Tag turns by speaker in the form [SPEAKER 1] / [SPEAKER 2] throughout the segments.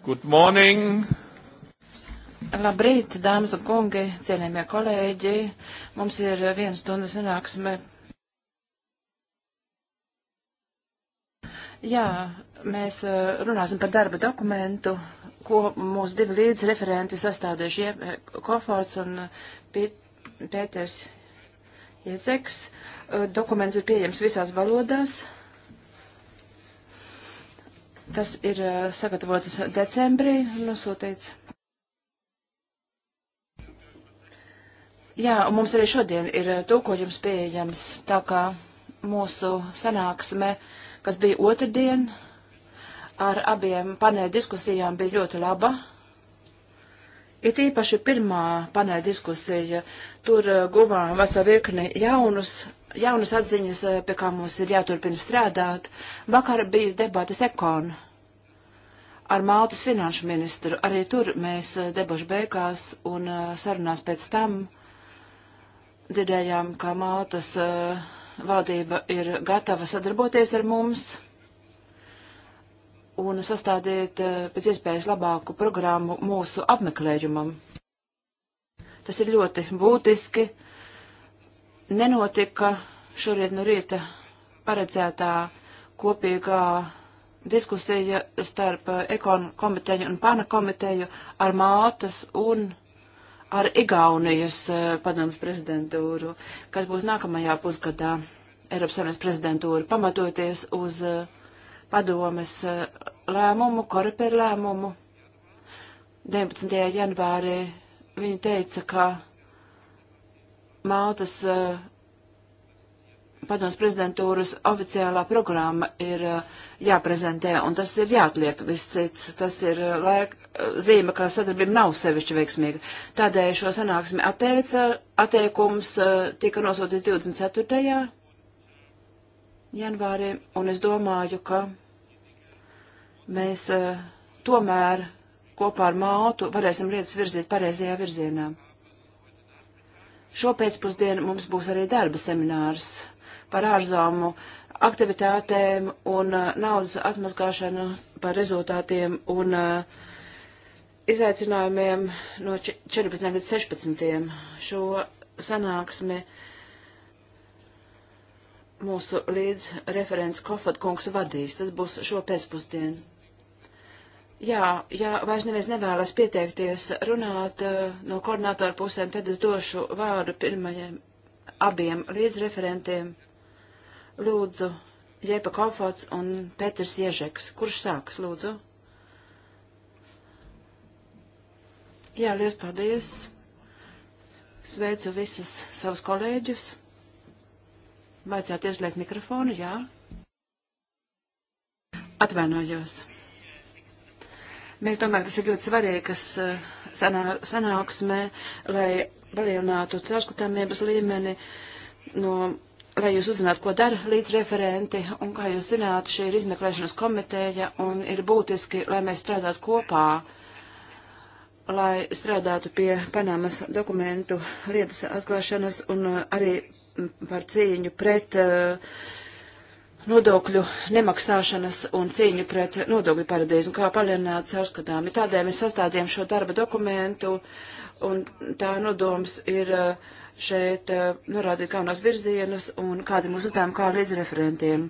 [SPEAKER 1] Good morning!
[SPEAKER 2] Labrīt, dāmas un kungi, cienījamie kolēģi. Mums ir viena stunda sanāksme. Jā, mēs eh, runāsim par darba dokumentu, ko mūsu divi līdzreferenti sastādījuši eh, Koforts un eh, Pēters Jezeks. Dokuments ir pieejams visās valodās. Tas ir eh, sagatavots decembrī un nosūtīts. Jā, un mums arī šodien ir eh, tūkojums pieejams, tā kā mūsu sanāksme, kas bija otrdien, ar abiem panēļ diskusijām bija ļoti laba. Ir īpaši pirmā panēļ diskusija, tur eh, guvām veselu virkni jaunus, jaunas atziņas, pie kā mums ir jāturpina strādāt. Vakar bija debatas ekonu ar Maltas finanšu ministru. Arī tur mēs eh, debašu beigās un eh, sarunās pēc tam dzirdējām, ka Maltas eh, valdība ir gatava sadarboties ar mums un sastādīt pēc iespējas labāku programmu mūsu apmeklējumam. Tas ir ļoti būtiski. Nenotika šorīt no rīta paredzētā kopīgā diskusija starp eh, ekonu komiteju un pana komiteju ar Maltas un ar Igaunijas eh, padomus prezidentūru, kas būs nākamajā pusgadā Eiropas Savienības prezidentūra, pamatoties uz eh, padomes lēmumu, koreper lēmumu. 19. janvārī viņi teica, ka Maltas uh, padoms prezidentūras oficiālā programma ir uh, jāprezentē, un tas ir jāatliek viss cits. Tas ir uh, laik, uh, zīme, ka sadarbība nav sevišķi veiksmīga. Tādēļ šo sanāksmi atteica, atteikums tika nosūtīts 24. janvārī, un es domāju, ka mēs tomēr kopā ar Mātu varēsim lietas virzīt pareizajā virzienā. Šopēcpusdien mums būs arī darba seminārs par ārzomu aktivitātēm un uh, naudas atmazgāšanu par rezultātiem un uh, izaicinājumiem no 14. līdz 16. šo sanāksmi mūsu līdz referents Kofotkungs vadīs. Tas būs šo pēcpusdienu. Jā, ja vairs neviens nevēlas pieteikties runāt uh, no koordinātora pusēm, tad es došu vārdu pirmajiem abiem līdzreferentiem lūdzu Jepa Kofots un Pēters Ježeks. Kurš sāks, lūdzu? Jā, liels paldies. Sveicu visus savus kolēģus. Vajadzētu ieslēgt mikrofonu, jā. Atvainojos. Mēs domājam, tas ir ļoti svarīgas uh, sanā, sanāksmē, lai palielinātu caurskatāmības līmeni no lai jūs uzzinātu, ko dara līdzreferenti, un kā jūs zināt, šī ir izmeklēšanas komiteja, un ir būtiski, lai mēs strādātu kopā, lai strādātu pie Panamas dokumentu lietas atklāšanas un uh, arī par cīņu pret uh, nodokļu nemaksāšanas un cīņu pret nodokļu paradīzi un kā palielināt caurskatāmi. Tādēļ mēs sastādījām šo darba dokumentu, un tā nodoms ir uh, šeit eh, norādīt galvenos virzienus un kādi mūsu uzdevumi kā līdzreferentiem.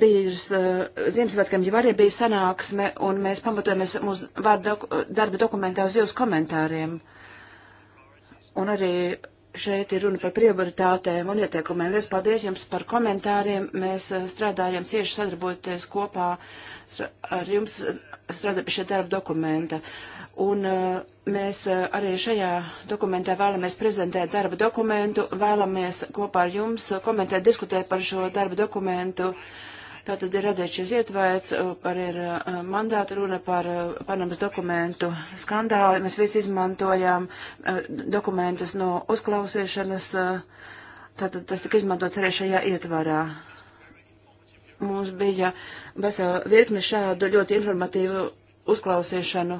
[SPEAKER 2] Bijis uh, eh, Ziemassvētkiem jau arī bija sanāksme, un mēs pamatojamies mūsu doku, darba dokumentā uz jūsu komentāriem. Un arī šeit ir runa par prioritātēm un ieteikumiem. Lies paldies jums par komentāriem. Mēs eh, strādājam cieši sadarboties kopā ar jums strādāt pie šī darba dokumenta. Uh, Un eh, mēs eh, arī šajā dokumentā vēlamies prezentēt darba dokumentu, vēlamies kopā ar jums komentēt, diskutēt par šo darba dokumentu. Tātad ir radīts šis ietvaits, eh, par ir mandāta runa par Panamas dokumentu skandālu. Mēs visi izmantojām dokumentus no uzklausīšanas. Tātad tas tika izmantots arī šajā ietvarā mums bija vesela virkne šādu ļoti informatīvu uzklausīšanu.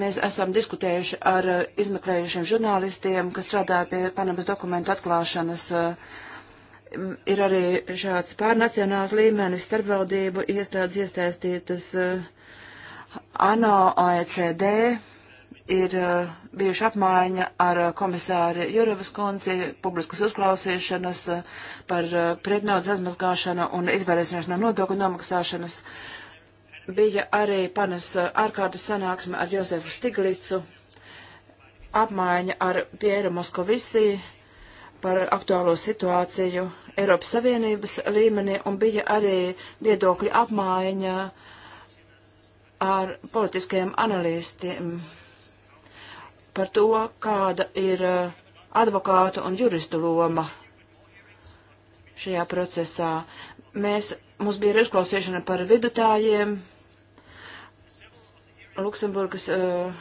[SPEAKER 2] Mēs esam diskutējuši ar uh, izmeklējušiem žurnālistiem, kas strādāja pie Panamas dokumentu atklāšanas. Uh, ir arī šāds pārnacionāls līmenis starpvaldību iestādes iesaistītas uh, ANO, OECD, ir uh, bijuši apmaiņa ar uh, komisāri Juravas konci, publiskas uzklausīšanas uh, par pretnaudas atmazgāšanu un izvairīšanos no nodokļu nomaksāšanas. Uh, bija arī panas eh, ārkārtas sanāksme ar Josefu Stiglicu, apmaiņa ar Pieru Moskovisī par aktuālo situāciju Eiropas Savienības līmenī, un bija arī viedokļu apmaiņa ar politiskajiem analīstiem par to, kāda ir eh, advokātu un juristu loma šajā procesā. Mēs mums bija izklausīšana par vidutājiem, Luksemburgas eh,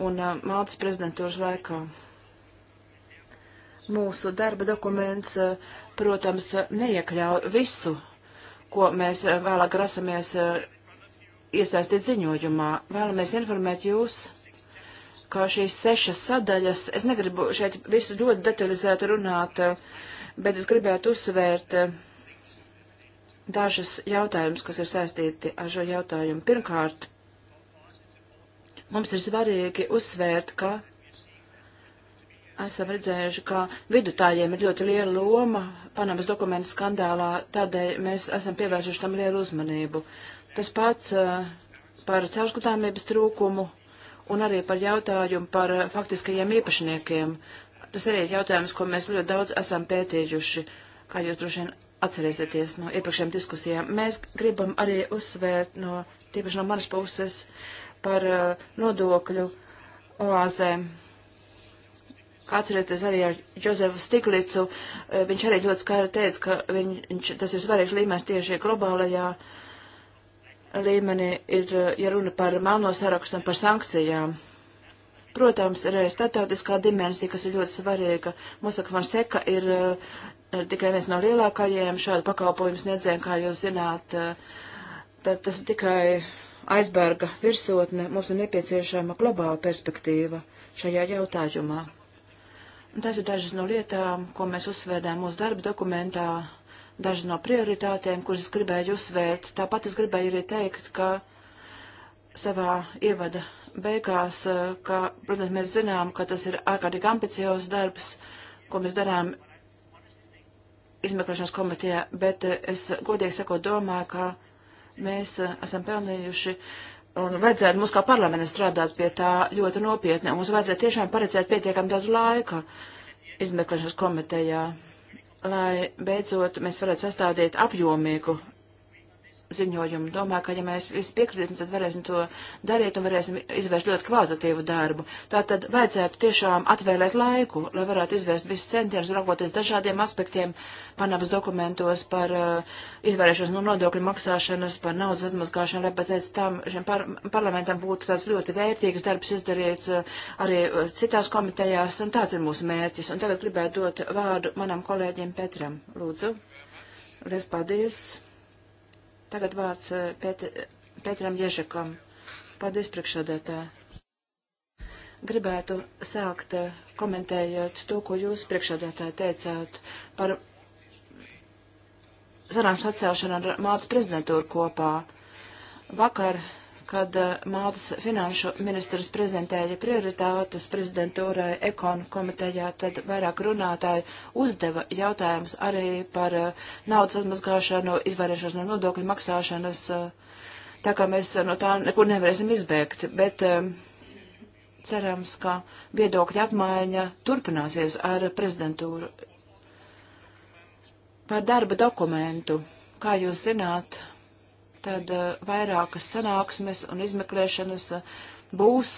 [SPEAKER 2] un eh, Maltas prezidentūras laikā. Mūsu darba dokuments, eh, protams, neiekļauj visu, ko mēs vēlāk grasamies iesaistīt ziņojumā. Vēlamies informēt jūs, kā šīs sešas sadaļas, es negribu šeit visu ļoti detalizēti runāt, bet es gribētu uzsvērt dažas jautājumus, kas ir saistīti ar šo jautājumu. Pirmkārt, Mums ir svarīgi uzsvērt, ka esam redzējuši, ka vidutājiem ir ļoti liela loma Panamas dokumentu skandālā, tādēļ mēs esam pievērsuši tam lielu uzmanību. Tas pats uh, par caurskatāmības trūkumu un arī par jautājumu par uh, faktiskajiem īpašniekiem. Tas arī ir jautājums, ko mēs ļoti daudz esam pētījuši, kā jūs droši vien atcerēsieties no iepriekšējām diskusijām. Mēs gribam arī uzsvērt no, tīpaši no manas puses, uh, par uh, nodokļu oāzēm. Atcerieties arī ar Jozefu Stiglicu, uh, eh, viņš arī ļoti skaidri teica, ka viņ, viņš, tas ir svarīgs līmenis tieši globālajā līmenī, ir, eh, ja runa par melno sarakstu un par sankcijām. Protams, ir arī statautiskā dimensija, kas ir ļoti svarīga. Mosaka Fonseka ir uh, tikai viens no lielākajiem šādu pakalpojumu sniedzējiem, kā jūs zināt. Uh, tad tas ir tikai aizberga virsotne, mums ir nepieciešama globāla perspektīva šajā jautājumā. Un tas ir dažas no lietām, ko mēs uzsvērām mūsu darba dokumentā, dažas no prioritātēm, kuras es gribēju uzsvērt. Tāpat es gribēju arī teikt, ka savā ievada beigās, eh, ka, protams, mēs zinām, ka tas ir ārkārtīgi ambiciozs darbs, ko mēs darām izmeklēšanas komitejā, bet eh, es godīgi sakot domāju, ka Mēs eh, esam pelnījuši un vajadzētu mums kā parlamentam strādāt pie tā ļoti nopietni. Mums vajadzētu tiešām paredzēt pietiekami daudz laika izmeklēšanas komitejā, lai beidzot mēs varētu sastādīt apjomīgu ziņojumu. Domāju, ka ja mēs visi piekritīsim, tad varēsim to darīt un varēsim izvērst ļoti kvalitatīvu darbu. Tātad vajadzētu tiešām atvēlēt laiku, lai varētu izvērst visus centienus, raugoties dažādiem aspektiem panabas dokumentos par uh, izvairīšanos no nodokļu maksāšanas, par naudas atmazgāšanu, lai pēc tam šiem par parlamentam būtu tāds ļoti vērtīgs darbs izdarīts uh, arī uh, citās komitejās, un tāds ir mūsu mērķis. Un tagad gribētu dot vārdu manam kolēģim Petram. Lūdzu. Lies paldies. Tagad vārds eh, Pēt Pēteram Ježekam. Paldies priekšsādātā. Gribētu sākt eh, komentējot to, ko jūs priekšsādātāji teicāt par sarāms atcelšanu ar mācu prezidentūru kopā. Vakar kad eh, Maltas finanšu ministrs prezentēja prioritātes prezidentūrai ekonu komitejā, tad vairāk runātāji uzdeva jautājumus arī par eh, naudas atmazgāšanu, izvairīšanos no nodokļu maksāšanas, eh, tā kā mēs no tā nekur nevarēsim izbēgt, bet cerams, ka viedokļa apmaiņa turpināsies ar prezidentūru par darba dokumentu. Kā jūs zināt, tad uh, vairākas sanāksmes un izmeklēšanas uh, būs,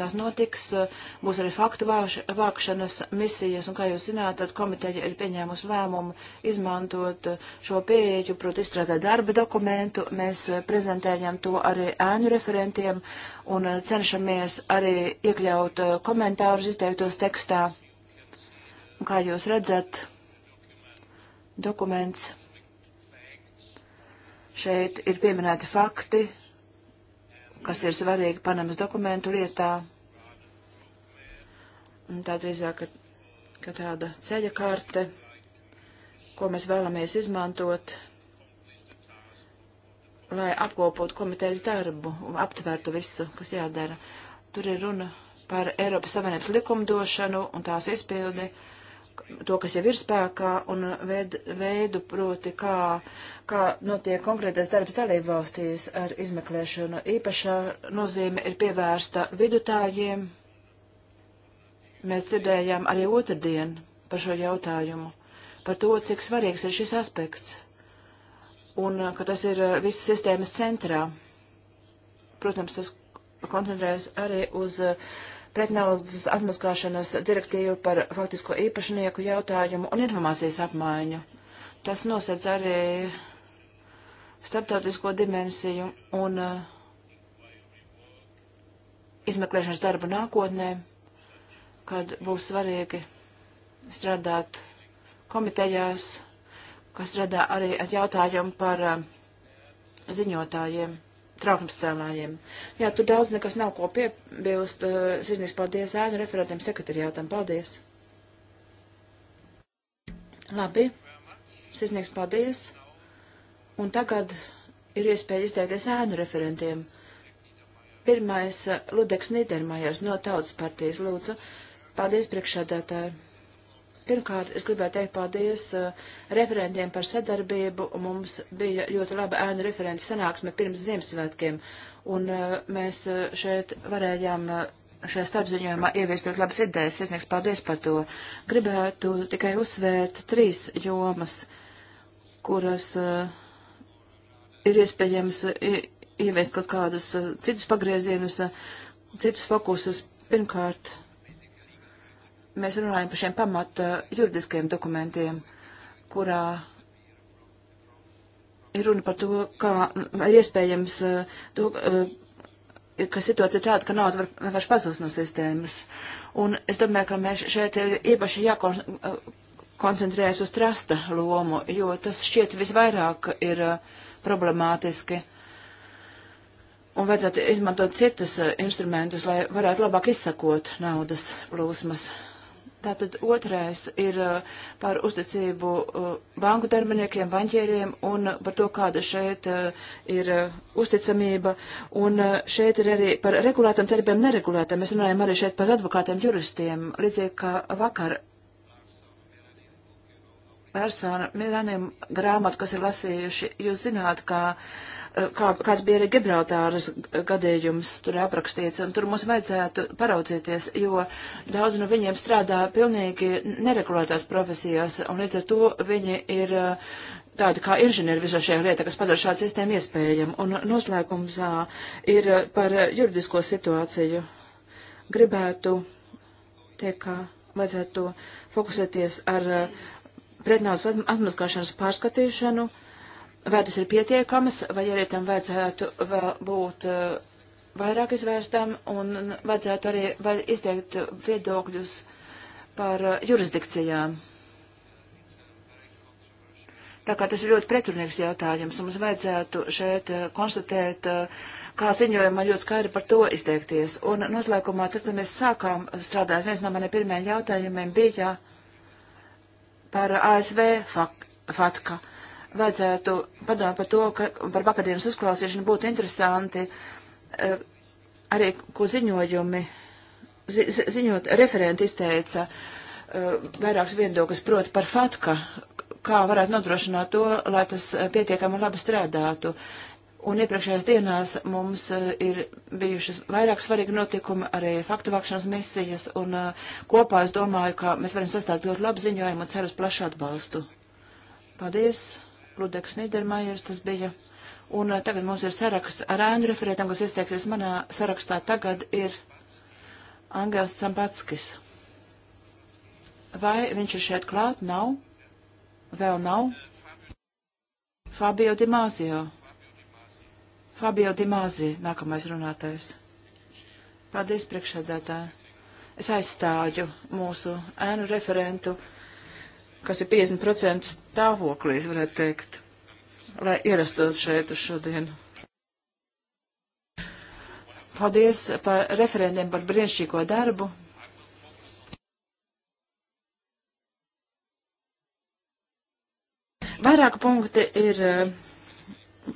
[SPEAKER 2] tās notiks, uh, būs arī faktu vāš, vākšanas misijas, un kā jūs zināt, tad komiteja ir pieņēmusi lēmumu izmantot šo pieeju, proti izstrādāt darba dokumentu, mēs prezentējam to arī ēnu referentiem un cenšamies arī iekļaut komentārus izteiktos tekstā. Un kā jūs redzat, dokuments Šeit ir pieminēti fakti, kas ir svarīgi Panamas dokumentu lietā. Un tā drīzāk, ka, ka tāda ceļa karte, ko mēs vēlamies izmantot, lai apkopotu komitejas darbu un aptvertu visu, kas jādara. Tur ir runa par Eiropas Savienības likumdošanu un tās izpildi. Uh, to, kas jau ir spēkā, un veid, veidu, proti, kā, kā notiek konkrētais darbs dalību valstīs ar izmeklēšanu. Īpašā nozīme ir pievērsta vidutājiem. Mēs dzirdējām arī otrdien par šo jautājumu, par to, cik svarīgs ir šis aspekts, un ka tas ir visas sistēmas centrā. Protams, tas koncentrējas arī uz uh, pretnaudas atmaskāšanas direktīvu par faktisko īpašnieku jautājumu un informācijas apmaiņu. Tas nosedz arī starptautisko dimensiju un uh, izmeklēšanas darbu nākotnē, kad būs svarīgi strādāt komitejās, kas strādā arī ar jautājumu par uh, ziņotājiem trauksmescēlājiem. Jā, tur daudz nekas nav ko piebilst. Eh, sirsnīgs paldies ēnu referentiem sekretariātam. Paldies! Labi, sirsnīgs paldies! Un tagad ir iespēja izteikties ēnu referentiem. Pirmais eh, Ludeks Nīdermājās no Tautas partijas lūdzu. Paldies priekšādātāji! Pirmkārt, es gribētu teikt paldies uh, referentiem par sadarbību. Mums bija ļoti laba ēnu referentu sanāksme pirms Ziemassvētkiem, un uh, mēs uh, šeit varējām uh, šajā starpziņojumā ieviest ļoti labas idejas. Iesniegs paldies par to. Gribētu tikai uzsvērt trīs jomas, kuras uh, ir iespējams uh, ieviest kaut kādus citus pagriezienus, citus fokusus. Pirmkārt, mēs runājam par šiem pamata uh, juridiskajiem dokumentiem, kurā ir runa par to, kā ir iespējams uh, to, uh, ka situācija ir tāda, ka nauda var vienkārši pazūst no sistēmas. Un es domāju, ka mēs šeit ir īpaši jākoncentrējas uz trasta lomu, jo tas šķiet visvairāk ir problemātiski. Un vajadzētu izmantot citas instrumentus, lai varētu labāk izsakot naudas plūsmas. Tātad otrais ir eh, par uzticību eh, banku darbiniekiem, banķieriem un par to, kāda šeit eh, ir uzticamība. Un šeit ir arī par regulētām darbiem neregulētām. Mēs runājam arī šeit par advokātiem, juristiem, līdzīgi kā vakar persona miljoniem grāmatu, kas ir lasījuši. Jūs zināt, kā, kā, kāds bija arī Gibraltāras gadījums tur aprakstīts, un tur mums vajadzētu paraudzīties, jo daudz no viņiem strādā pilnīgi neregulētās profesijās, un līdz ar to viņi ir uh, tādi kā inženieri visā šajā lietā, kas padara šādu sistēmu iespējamu. Un noslēgums ir uh, par juridisko situāciju. Gribētu teikt, ka vajadzētu fokusēties ar uh, pretnāvas atmazgāšanas pārskatīšanu, vai tas ir pietiekamas, vai arī tam vajadzētu būt eh, vairāk izvērstam un vajadzētu arī izteikt viedokļus par eh, jurisdikcijām. Tā kā tas ir ļoti pretrunīgs jautājums, mums vajadzētu šeit eh, konstatēt, kā ziņojumā ļoti skaidri par to izteikties. Un noslēgumā, tad, kad mēs sākām strādāt, viens no maniem pirmajiem jautājumiem bija, ja par ASV fatka. Vajadzētu padomāt par to, ka par vakardienas uzklausīšanu būtu interesanti e, arī, ko ziņojumi, zi, ziņot, referenti izteica e, vairākas viedokļas, proti par fatka, kā varētu nodrošināt to, lai tas e, pietiekami labi strādātu. Un iepriekšējās dienās mums eh, ir bijušas vairāk svarīgi notikumi, arī faktu vākšanas misijas, un eh, kopā es domāju, ka mēs varam sastāt ļoti labu ziņojumu un ceru uz plašu atbalstu. Paldies, Ludeks Nīdermājers tas bija. Un eh, tagad mums ir saraksts ar ēnu referētām, kas izteiksies manā sarakstā tagad ir Angels Sambatskis. Vai viņš ir šeit klāt? Nav. Vēl nav. Fabio Dimāzio. Fabio Dimāzi, nākamais runātais. Paldies, priekšsēdētāji. Es aizstāju mūsu ēnu referentu, kas ir 50% stāvoklī, varētu teikt, lai ierastos šeit uz šodienu. Paldies par referentiem par brīnišķīgo darbu. Vairāk punkti ir uh,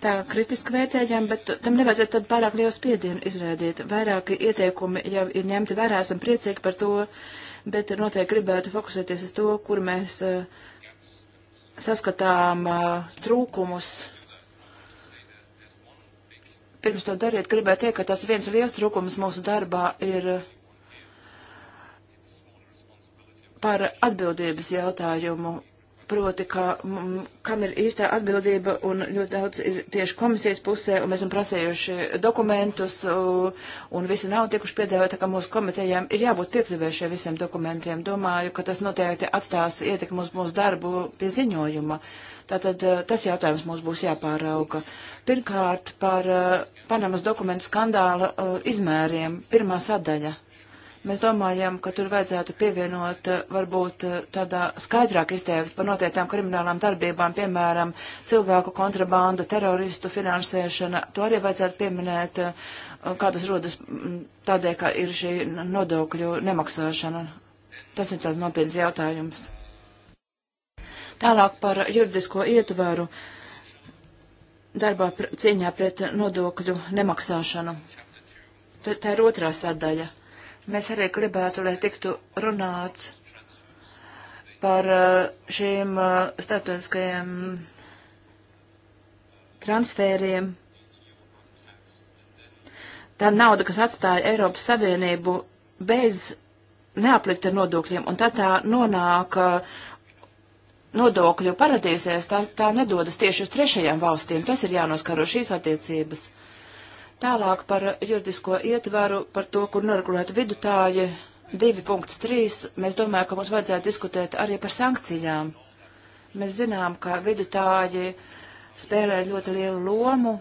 [SPEAKER 2] tā kritiski vērtējām, bet tam nevajadzētu tad pārāk liels spiedienu izrādīt. Vairāki ieteikumi jau ir ņemti vērā, esam priecīgi par to, bet noteikti gribētu fokusēties uz to, kur mēs uh, saskatām uh, trūkumus. Pirms to dariet, gribētu teikt, ka tas viens liels trūkums mūsu darbā ir par atbildības jautājumu proti, ka m, kam ir īstā atbildība un ļoti daudz ir tieši komisijas pusē, un mēs esam prasējuši dokumentus, un, un visi nav tikuši piedāvāti, ka mūsu komitejām ir jābūt piekļuvējušie visiem dokumentiem. Domāju, ka tas noteikti atstās ietekmi uz mūsu darbu pie ziņojuma. Tātad eh, tas jautājums mums būs jāpārauga. Pirmkārt, par eh, Panamas dokumentu skandāla eh, izmēriem. Pirmā sadaļa Mēs domājam, ka tur vajadzētu pievienot eh, varbūt eh, tādā skaidrāk izteikti par noteiktām kriminālām darbībām, piemēram, cilvēku kontrabanda, teroristu finansēšana. To arī vajadzētu pieminēt, eh, kā tas rodas mm, tādēļ, ka ir šī nodokļu nemaksāšana. Tas ir tāds nopietns jautājums. Tālāk par juridisko ietvaru darbā cīņā pret nodokļu nemaksāšanu. Tā ir otrā sadaļa Mēs arī gribētu, lai tiktu runāts par uh, šiem uh, starptautiskajiem transfēriem. Tā nauda, kas atstāja Eiropas Savienību bez neaplikta nodokļiem, un tad tā nonāk uh, nodokļu paradīzēs, tā, tā nedodas tieši uz trešajām valstīm. Tas ir jānoskaro šīs attiecības. Tālāk par juridisko ietvaru, par to, kur noregulētu vidutāji 2.3. Mēs domājam, ka mums vajadzētu diskutēt arī par sankcijām. Mēs zinām, ka vidutāji spēlē ļoti lielu lomu,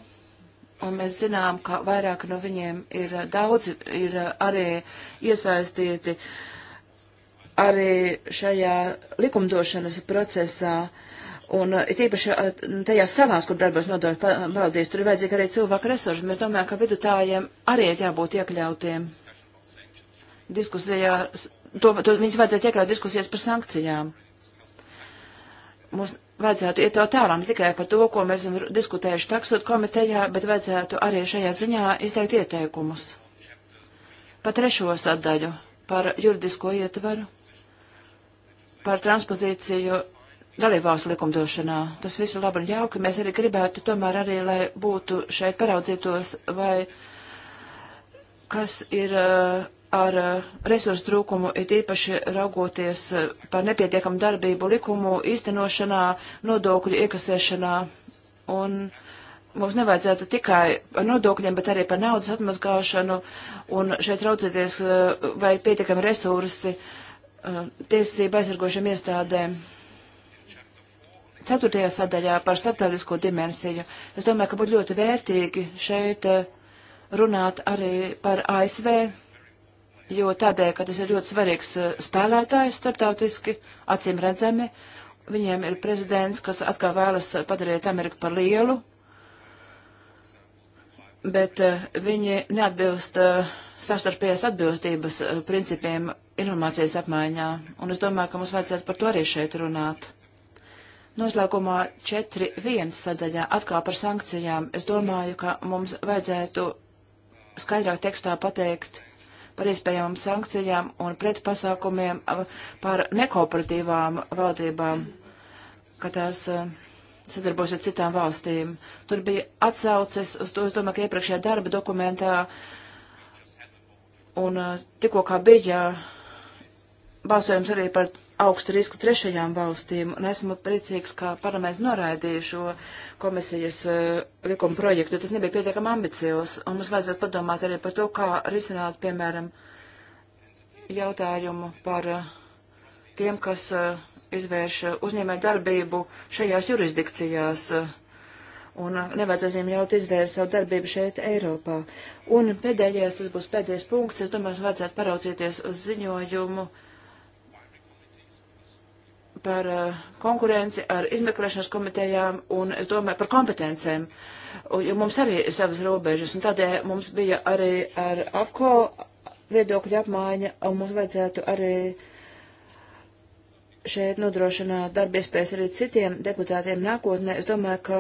[SPEAKER 2] un mēs zinām, ka vairāk no viņiem ir daudz, ir arī iesaistīti arī šajā likumdošanas procesā. Uh, Un uh, tīpaši uh, tajās salās, kur darbos nododas pavaldies, tur ir vajadzīgi arī cilvēku resursi. Mēs domājam, ka vidutājiem arī ir jābūt iekļautiem diskusijā. To, to viņus vajadzētu iekļaut diskusijas par sankcijām. Mums vajadzētu iet vēl tālāk ne tikai par to, ko mēs esam diskutējuši taksot komitejā, bet vajadzētu arī šajā ziņā izteikt ieteikumus. Par trešo sadaļu, par juridisko ietvaru, par transpozīciju dalībvalstu likumdošanā. Tas visu labi un jauki. Mēs arī gribētu tomēr arī, lai būtu šeit paraudzītos, vai kas ir eh, ar eh, resursu trūkumu, it īpaši raugoties eh, par nepietiekamu darbību likumu īstenošanā, nodokļu iekasēšanā. Un mums nevajadzētu tikai par nodokļiem, bet arī par naudas atmazgāšanu un šeit raudzēties, vai pietiekami resursi tiesība aizsargošiem iestādēm ceturtajā sadaļā par starptautisko dimensiju. Es domāju, ka būtu ļoti vērtīgi šeit eh, runāt arī par ASV, jo tādēļ, ka tas ir ļoti svarīgs eh, spēlētājs starptautiski, acīm redzami, viņiem ir prezidents, kas atkal vēlas padarīt Ameriku par lielu, bet eh, viņi neatbilst sastarpējās atbilstības principiem informācijas apmaiņā, un es domāju, ka mums vajadzētu par to arī šeit runāt. Noslēgumā 4.1 sadaļā atkal par sankcijām. Es domāju, ka mums vajadzētu skaidrāk tekstā pateikt par iespējamām sankcijām un pretpasākumiem par nekooperatīvām valdībām, ka tās sadarbos ar citām valstīm. Tur bija atsauces uz to, es domāju, ka iepriekšējā darba dokumentā un tikko kā bija balsojums arī par augstu risku trešajām valstīm, un esmu priecīgs, ka parlaments noraidīja šo komisijas uh, likuma projektu, jo tas nebija pietiekami ambicios, un mums vajadzētu padomāt arī par to, kā risināt, piemēram, jautājumu par uh, tiem, kas uh, izvērš uzņēmē darbību šajās jurisdikcijās, un nevajadzētu viņiem ļaut izvērst savu darbību šeit Eiropā. Un pēdējais, tas būs pēdējais punkts, es domāju, vajadzētu paraudzīties uz ziņojumu, uh, par eh, konkurenci ar izmeklēšanas komitejām un, es domāju, par kompetencēm, jo mums arī ir savas robežas, un tādēļ mums bija arī ar AFCO viedokļu apmaiņa, un mums vajadzētu arī šeit nodrošināt darba iespējas arī citiem deputātiem nākotnē. Es domāju, ka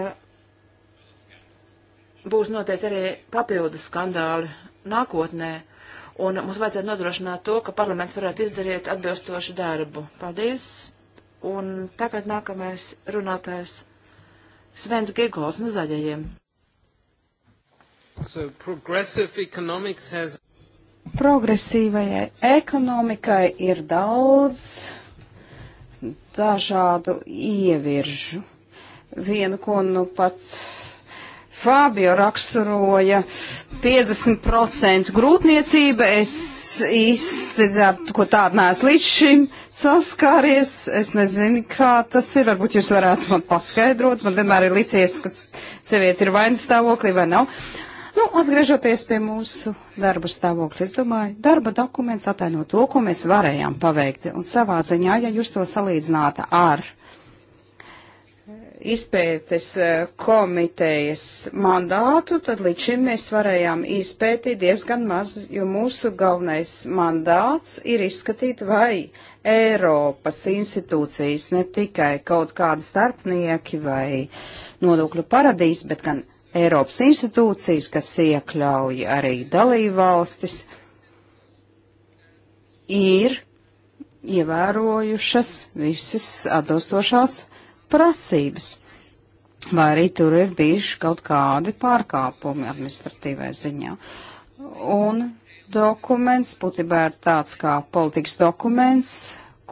[SPEAKER 2] būs noteikti arī papildus skandāli nākotnē un mums vajadzētu nodrošināt to, ka parlaments varētu izdarīt atbilstošu darbu. Paldies! Un tagad nākamais runātājs Svens Gigols no zaļajiem.
[SPEAKER 3] So has...
[SPEAKER 1] Progresīvajai ekonomikai ir daudz dažādu ieviržu. Vienu, ko nu pat Fabio raksturoja 50% grūtniecība. Es īsti, ko tādu neesmu līdz šim saskāries, es nezinu, kā tas ir. Varbūt jūs varētu man paskaidrot. Man vienmēr ir licies, ka sieviete ir vainas stāvoklī vai nav. Nu, atgriežoties pie mūsu darba stāvokļa, es domāju, darba dokuments ataino to, ko mēs varējām paveikt. Un savā ziņā, ja jūs to salīdzinātu ar izpētes eh, komitejas mandātu, tad līdz šim mēs varējām izpētīt diezgan maz, jo mūsu galvenais mandāts ir izskatīt, vai Eiropas institūcijas ne tikai kaut kādi starpnieki vai nodokļu paradīzes, bet gan Eiropas institūcijas, kas iekļauj arī dalībvalstis, ir ievērojušas visas atbilstošās prasības. Vai arī tur ir bijuši kaut kādi pārkāpumi administratīvai ziņā. Un dokuments būtībā ir tāds kā politikas dokuments,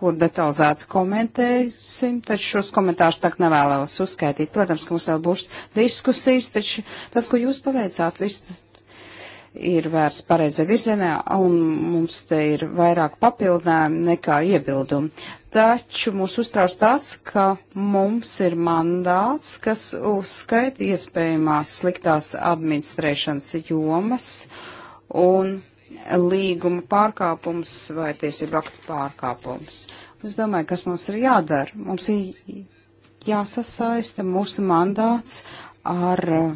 [SPEAKER 1] kur detalizēti komentēsim, taču šos komentārus tā nevēlos uzskaitīt. Protams, ka mums vēl būs diskusijas, taču tas, ko jūs paveicāt, viss ir vērsts pareizē virzienā, un mums te ir vairāk papildinājumi nekā iebildumi. Taču mūs uztrauc tas, ka mums ir mandāts, kas uzskaita iespējamās sliktās administrēšanas jomas un līguma pārkāpums vai tiesību aktu pārkāpums. Es domāju, kas mums ir jādara. Mums ir jāsasaista mūsu mandāts ar uh,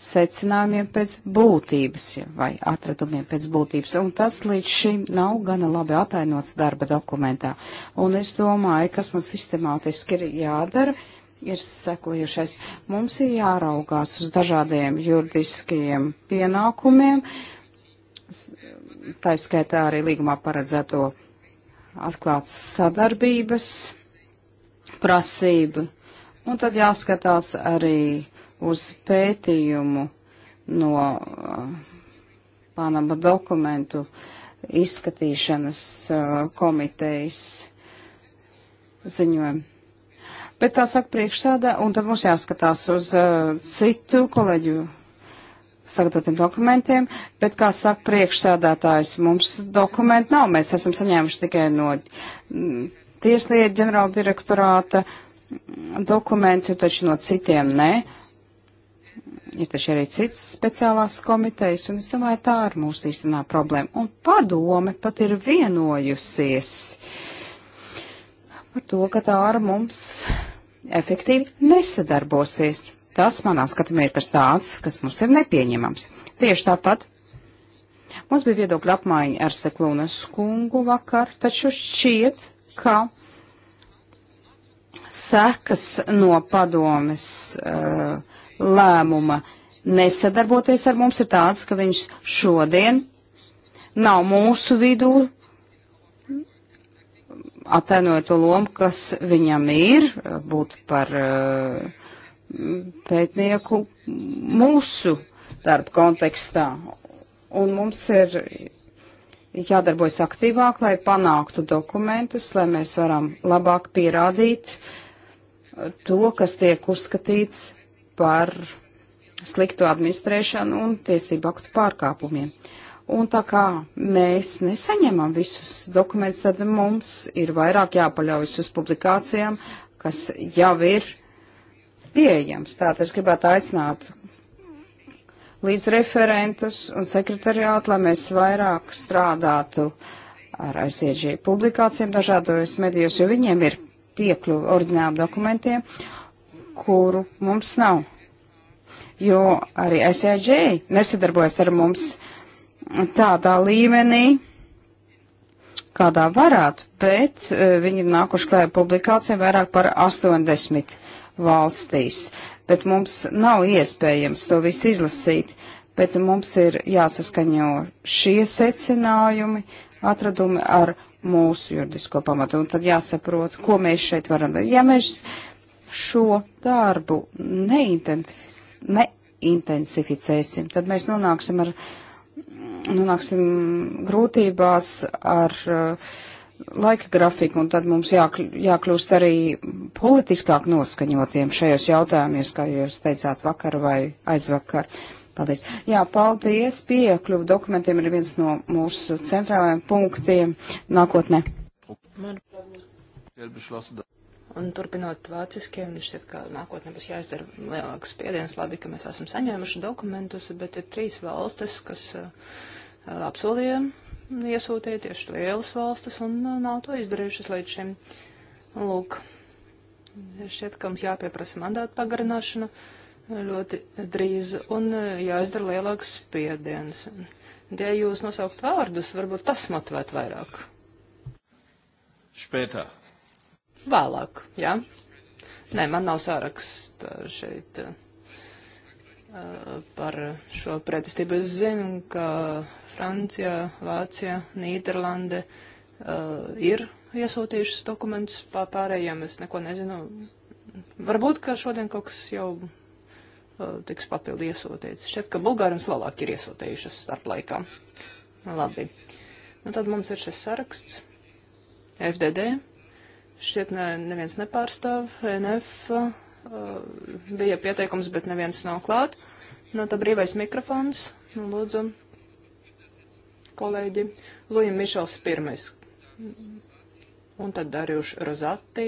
[SPEAKER 1] secinājumiem pēc būtības vai atradumiem pēc būtības, un tas līdz šim nav gana labi atainots darba dokumentā. Un es domāju, kas mums sistemātiski ir jādara, ir sekojušais. Mums ir jāraugās uz dažādiem juridiskajiem pienākumiem, tā skaitā arī līgumā paredzēto atklāts sadarbības prasību, un tad jāskatās arī uz pētījumu no uh, Panama dokumentu izskatīšanas uh, komitejas ziņojumu. Bet tā saka priekšsādā, un tad mums jāskatās uz uh, citu kolēģu sagatavotiem dokumentiem, bet, kā saka priekšsādātājs, mums dokumentu nav. Mēs esam saņēmuši tikai no mm, tieslietu ģenerāla direktorāta dokumentu, taču no citiem nē ir taču arī cits speciālās komitejas, un es domāju, tā ir mūsu īstenā problēma. Un padome pat ir vienojusies par to, ka tā ar mums efektīvi nesadarbosies. Tas manā skatījumā ir kas tāds, kas mums ir nepieņemams. Tieši tāpat mums bija viedokļa apmaiņa ar Seklūnas kungu vakar, taču šķiet, ka sekas no padomes uh, lēmuma nesadarboties ar mums ir tāds, ka viņš šodien nav mūsu vidū, atainojot to lomu, kas viņam ir, būt par eh, pētnieku mūsu darba kontekstā. Un mums ir jādarbojas aktīvāk, lai panāktu dokumentus, lai mēs varam labāk pierādīt to, kas tiek uzskatīts par sliktu administrēšanu un tiesību aktu pārkāpumiem. Un tā kā mēs nesaņemam visus dokumentus, tad mums ir vairāk jāpaļaujas uz publikācijām, kas jau ir pieejams. Tātad es gribētu aicināt līdz referentus un sekretariātu, lai mēs vairāk strādātu ar aizsieģīju publikācijām dažādos medijos, jo viņiem ir piekļuvi ordinālu dokumentiem, kuru mums nav jo arī SAJ e nesadarbojas ar mums tādā līmenī, kādā varētu, bet e, viņi ir nākuši klēja publikācijām vairāk par 80 valstīs. Bet mums nav iespējams to visu izlasīt, bet mums ir jāsaskaņo šie secinājumi, atradumi ar mūsu juridisko pamatu. Un tad jāsaprot, ko mēs šeit varam darīt. Ja mēs šo darbu neidentificējam, neintensificēsim, tad mēs nonāksim, ar, nonāksim grūtībās ar uh, laika grafiku, un tad mums jākļūst arī politiskāk noskaņotiem šajos jautājumos, kā jūs teicāt vakar vai aizvakar. Paldies. Jā, paldies. Piekļuvu dokumentiem ir viens no mūsu centrālajiem punktiem nākotnē.
[SPEAKER 3] Man. Un turpinot vāciskiem, šķiet, ka nākotnē būs jāizdara lielāks spiediens. Labi, ka mēs esam saņēmuši dokumentus, bet ir trīs valstis, kas uh, apsolīja iesūtīt tieši lielas valstis, un uh, nav to izdarījušas līdz šim. Lūk, šķiet, ka mums jāpieprasa mandāta pagarināšana ļoti drīz, un uh, jāizdara lielāks spiediens. Ja jūs nosaukt vārdus, varbūt tas motivētu vairāk. Spätāk vēlāk, jā? Nē, man nav sāraksta šeit uh, par šo pretestību. Es zinu, ka Francija, Vācija, Nīderlande uh, ir iesūtījušas dokumentus pārējiem. Es neko nezinu. Varbūt, ka šodien kaut kas jau uh, tiks papildu iesūtīts. Šķiet, ka Bulgāri un Slovāki ir iesūtījušas starp laikā. Labi. Nu, tad mums ir šis saraksts. FDD Šķiet, ne, neviens nepārstāv NF. Uh, bija pieteikums, bet neviens nav klāt. Nu, tā brīvais mikrofons. Nu, lūdzu, kolēģi. Lūja Mišels pirmais. Un tad Darjuš Rozati,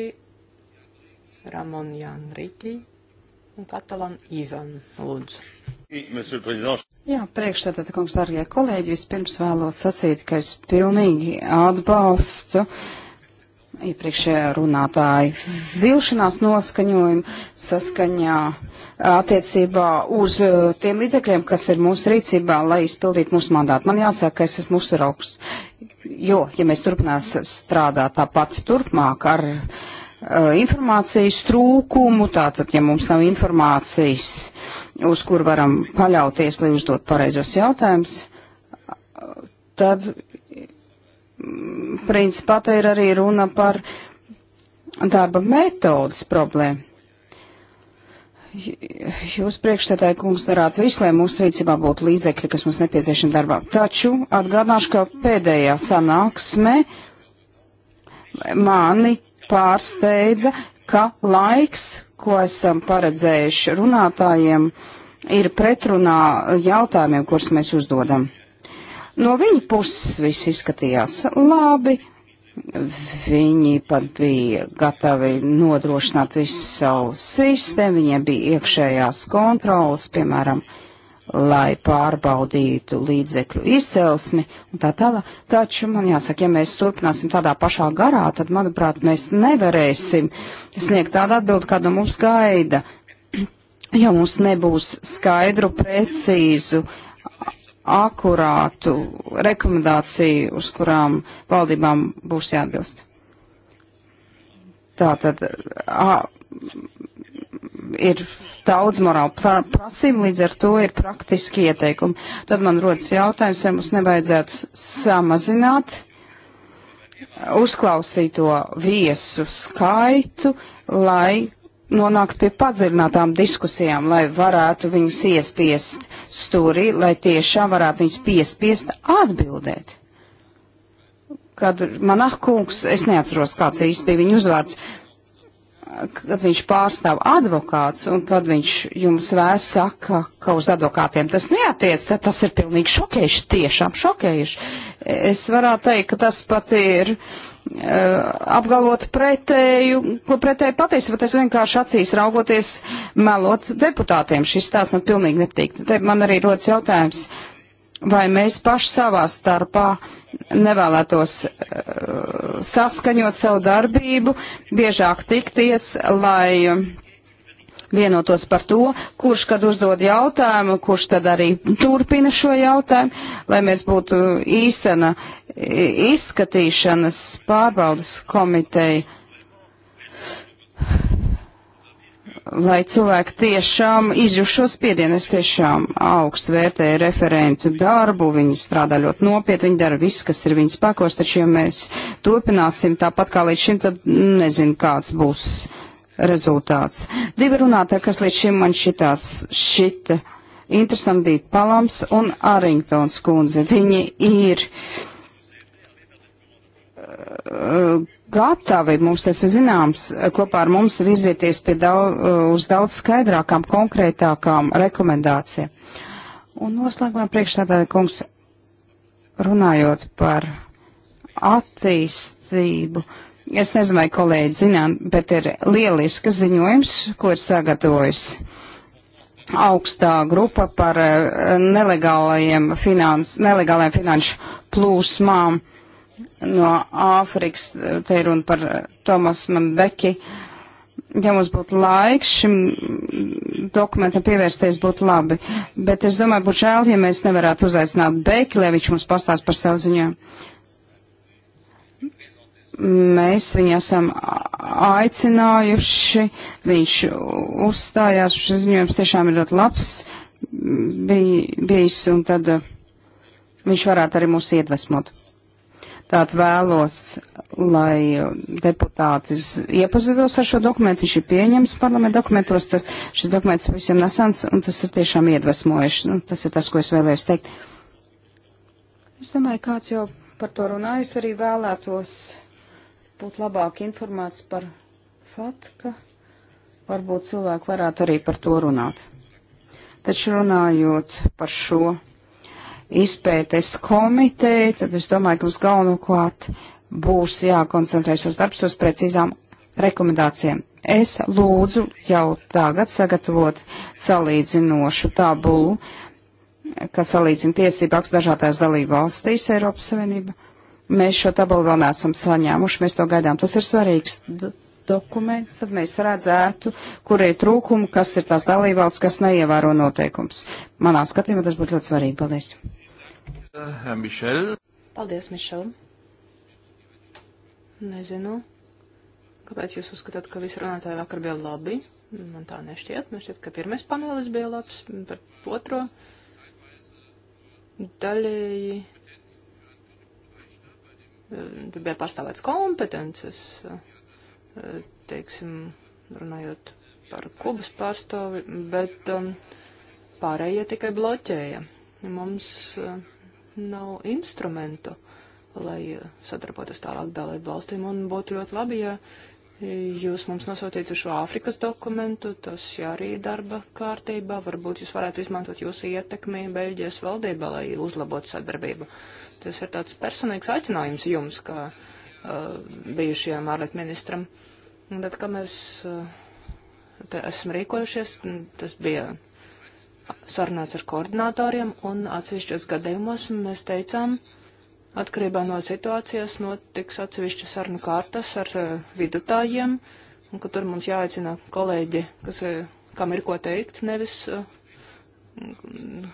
[SPEAKER 1] Ramon Janriki un Katalan Ivan.
[SPEAKER 3] Lūdzu.
[SPEAKER 1] Jā, priekšsēdētā kungs, dārgie kolēģi, vispirms vēlos sacīt, ka es pilnīgi atbalstu uh, iepriekšējā runātāja vilšanās noskaņojumu saskaņā attiecībā uz tiem līdzekļiem, kas ir mūsu rīcībā, lai izpildītu mūsu mandātu. Man jāsaka, ka es esmu uzraugs, jo, ja mēs turpinās strādāt tāpat turpmāk ar uh, informācijas trūkumu, tātad, ja mums nav informācijas, uz kur varam paļauties, lai uzdot pareizos jautājumus, tad principā te ir arī runa par darba metodas problēmu. Jūs priekšstādāji, kungs, darāt visu, lai mūsu rīcībā būtu līdzekļi, kas mums nepieciešami darbā. Taču atgādināšu, ka pēdējā sanāksme mani pārsteidza, ka laiks, ko esam paredzējuši runātājiem, ir pretrunā jautājumiem, kurus mēs uzdodam. No viņa puses viss izskatījās labi. Viņi pat bija gatavi nodrošināt visu savu sistēmu, viņiem bija iekšējās kontrolas, piemēram, lai pārbaudītu līdzekļu izcelsmi un tā tālāk. Taču man jāsaka, ja mēs turpināsim tādā pašā garā, tad, manuprāt, mēs nevarēsim sniegt tādu atbildi, kādu mums gaida, ja mums nebūs skaidru, precīzu uh, akurātu rekomendāciju, uz kurām valdībām būs jāatbilst. Tātad a, ir daudz morāla prasība, līdz ar to ir praktiski ieteikumi. Tad man rodas jautājums, vai ja mums nevajadzētu samazināt uzklausīto viesu skaitu, lai nonākt pie padziļinātām diskusijām, lai varētu viņus iespiest stūrī, lai tiešām varētu viņus piespiest atbildēt. Kad manah kungs, es neatceros, kāds īsti bija viņa uzvārds, kad viņš pārstāv advokāts un kad viņš jums vēs saka, ka uz advokātiem tas neatiec, tad tas ir pilnīgi šokējuši, tiešām šokējuši. Es varētu teikt, ka tas pat ir. Uh, Uh, apgalvot pretēju, ko pretēju patiesību, tas vienkārši acīs raugoties melot deputātiem. Šis stāsts man pilnīgi nepatīk. Te man arī rodas jautājums, vai mēs paši savā starpā nevēlētos uh, saskaņot savu darbību, biežāk tikties, lai vienotos par to, kurš kad uzdod jautājumu, kurš tad arī turpina šo jautājumu, lai mēs būtu īstena izskatīšanas pārbaudas komiteja. Lai cilvēki tiešām izjūš šo spiedienu, es tiešām augstu vērtēju referentu darbu, viņi strādā ļoti nopietni, viņi dara viss, kas ir viņas pakos, taču ja mēs turpināsim tāpat kā līdz šim, tad nezinu, kāds būs uh, rezultāts. Divi runātāji, kas līdz šim man šitās šita interesanti bija Palams un Arringtons kundze. Viņi ir uh, gatavi, mums tas ir zināms, kopā ar mums virzieties pie daudz, uh, uz daudz skaidrākām, konkrētākām rekomendācijām. Un noslēgumā priekšstādāja kungs runājot par attīstību. Uh, Es nezinu, vai kolēģi zinām, bet ir lieliska ziņojums, ko ir sagatavojis augstā grupa par eh, nelegālajiem finans, nelegālajiem finanšu plūsmām no Āfrikas. Te ir runa par eh, Tomasam Beki. Ja mums būtu laiks šim dokumentam pievērsties, būtu labi. Bet es domāju, būtu žēl, ja mēs nevarētu uzaicināt Beki, lai viņš mums pastāst par savu ziņojumu mēs viņu esam aicinājuši, viņš uzstājās, šis ziņojums tiešām ir ļoti labs bija, bijis, un tad uh, viņš varētu arī mūs iedvesmot. Tātad vēlos, lai uh, deputāti iepazīdos ar šo dokumentu, viņš ir pieņems parlamentu dokumentos, tas, šis dokuments visiem nesans, un tas ir tiešām iedvesmojuši, nu, tas ir tas, ko es vēlējos teikt. Es domāju, kāds jau par to runājis, arī vēlētos būt labāk informēts par fatka. Varbūt cilvēki varētu arī par to runāt. Taču runājot par šo izpētes komiteju, tad es domāju, ka mums galvenokārt būs jākoncentrēs uz darbs uz precīzām rekomendācijām. Es lūdzu jau tagad sagatavot salīdzinošu tabulu, kas salīdzina tiesību akts dažādās dalību valstīs Eiropas Savienība Mēs šo tabulu vēl neesam saņēmuši, mēs to gaidām. Tas ir svarīgs dokuments, tad mēs redzētu, kur ir trūkumi, kas ir tās dalībvalsts, kas neievēro noteikums. Manā skatījumā tas būtu ļoti svarīgi. Paldies. Mišel.
[SPEAKER 3] Paldies, Mišel. Nezinu, kāpēc jūs uzskatāt, ka visi runātāji vakar bija labi. Man tā nešķiet. Man šķiet, ka pirmais panelis bija labs par otro. Daļēji Eh, tur bija pārstāvēts kompetences, eh, teiksim, runājot par Kubas pārstāvi, bet um, pārējie tikai bloķēja. Mums uh, nav instrumentu, lai sadarbotos tālāk dalību valstīm, un būtu ļoti labi, ja Jūs mums nosūtīt uz šo Āfrikas dokumentu, tas arī darba kārtībā. Varbūt jūs varētu izmantot jūsu ietekmi Beļģijas valdībā, lai uzlabotu sadarbību. Tas ir tāds personīgs aicinājums jums, kā uh, bijušajam ārlietu ministram. Un tad, kā mēs uh, esam rīkojušies, tas bija sarunāts ar koordinatoriem, un atsevišķos gadījumos mēs teicām, uh, Atkarībā no situācijas notiks atsevišķa sarunu kārtas ar uh, vidutājiem, un ka tur mums jāaicina kolēģi, kas, eh, kam ir ko teikt, nevis, uh,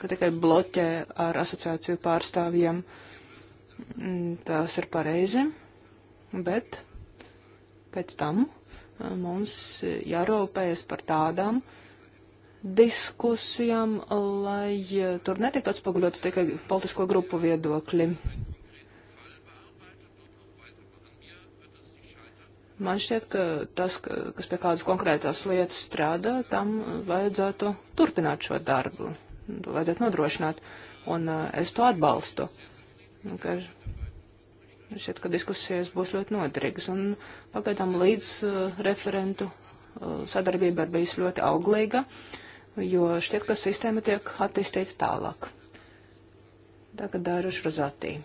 [SPEAKER 3] ka tikai bloķē ar asociāciju pārstāvjiem. Mm, tas ir pareizi, bet pēc tam mums jārūpējas par tādām diskusijām, lai tur netiek atspoguļots tikai politisko grupu viedokļi. Man šķiet, ka tas, kas pie kādas konkrētās lietas strādā, tam vajadzētu turpināt šo darbu, to vajadzētu nodrošināt, un eh, es to atbalstu. Nu, ka šķiet, ka diskusijas būs ļoti noderīgas, un pagaidām līdz uh, referentu uh, sadarbība ir bijusi ļoti auglīga, jo šķiet, ka sistēma tiek attīstīta tālāk. Tagad
[SPEAKER 1] Dāruš Rozatī.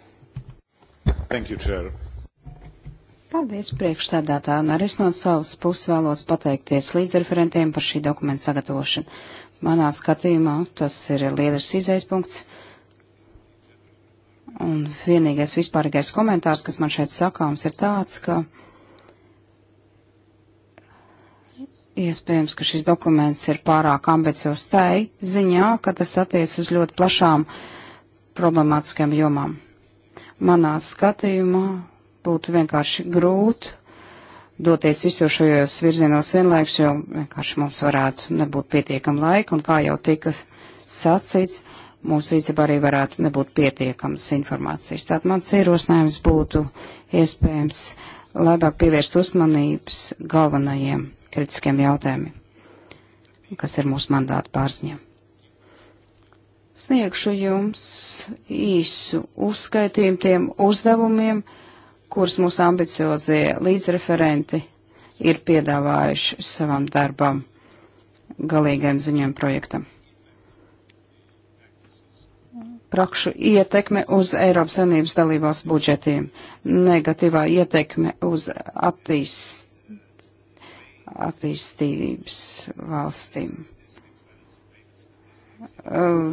[SPEAKER 1] Thank you, Chair. Paldies priekšstādātā, un arī no savas puses vēlos pateikties līdzreferentiem par šī dokumenta sagatavošanu. Manā skatījumā tas ir lielais izaizpunkts. Un vienīgais vispārīgais komentārs, kas man šeit sakāms, ir tāds, ka iespējams, ka šis dokuments ir pārāk ambiciozs tai ziņā, ka tas attiec uz ļoti plašām problemātiskām jomām. Manā skatījumā būtu vienkārši grūti doties visos šajos virzienos vienlaikus, jo vienkārši mums varētu nebūt pietiekam laika, un kā jau tika sacīts, mūsu rīcībā arī varētu nebūt pietiekams informācijas. Tātad mans ierosinājums būtu iespējams labāk pievērst uzmanības galvenajiem kritiskiem jautājumiem, kas ir mūsu mandāta pārziņā. Sniegšu jums īsu uzskaitījumu tiem uzdevumiem, uh, kuras mūsu ambiciozie līdzreferenti ir piedāvājuši savam darbam galīgajam ziņojuma projektam. Prakšu ietekme uz Eiropas Savienības dalībās budžetiem, negatīvā ietekme uz attīst, attīstības valstīm.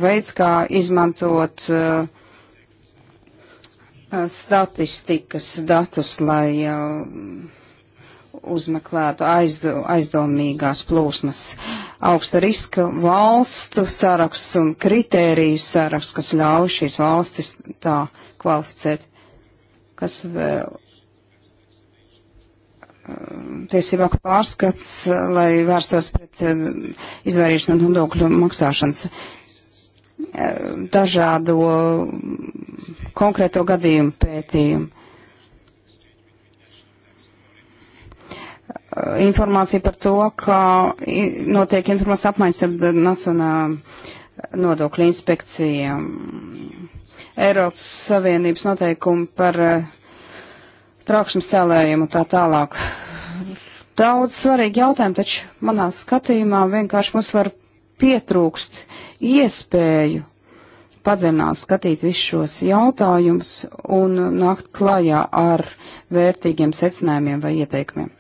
[SPEAKER 1] Veids, kā izmantot uh, statistikas datus, lai uzmeklētu aizdo, aizdomīgās plūsmas augsta riska valstu saraksts un kritēriju saraksts, kas ļauj šīs valstis tā kvalificēt. Kas vēl? tiesībā pārskats, lai vērstos pret izvairīšanu nodokļu maksāšanas dažādo konkrēto gadījumu pētījumu. Informācija par to, ka notiek informācija apmaiņas starp nacionālām nodokļu inspekcijām. Eiropas Savienības noteikumi par e, traukšanas cēlējumu un tā tālāk. Daudz svarīgi jautājumi, taču manā skatījumā vienkārši mums var pietrūkst uh, iespēju padzenāt, skatīt visus šos jautājumus un nākt klajā ar vērtīgiem secinājumiem vai ieteikumiem.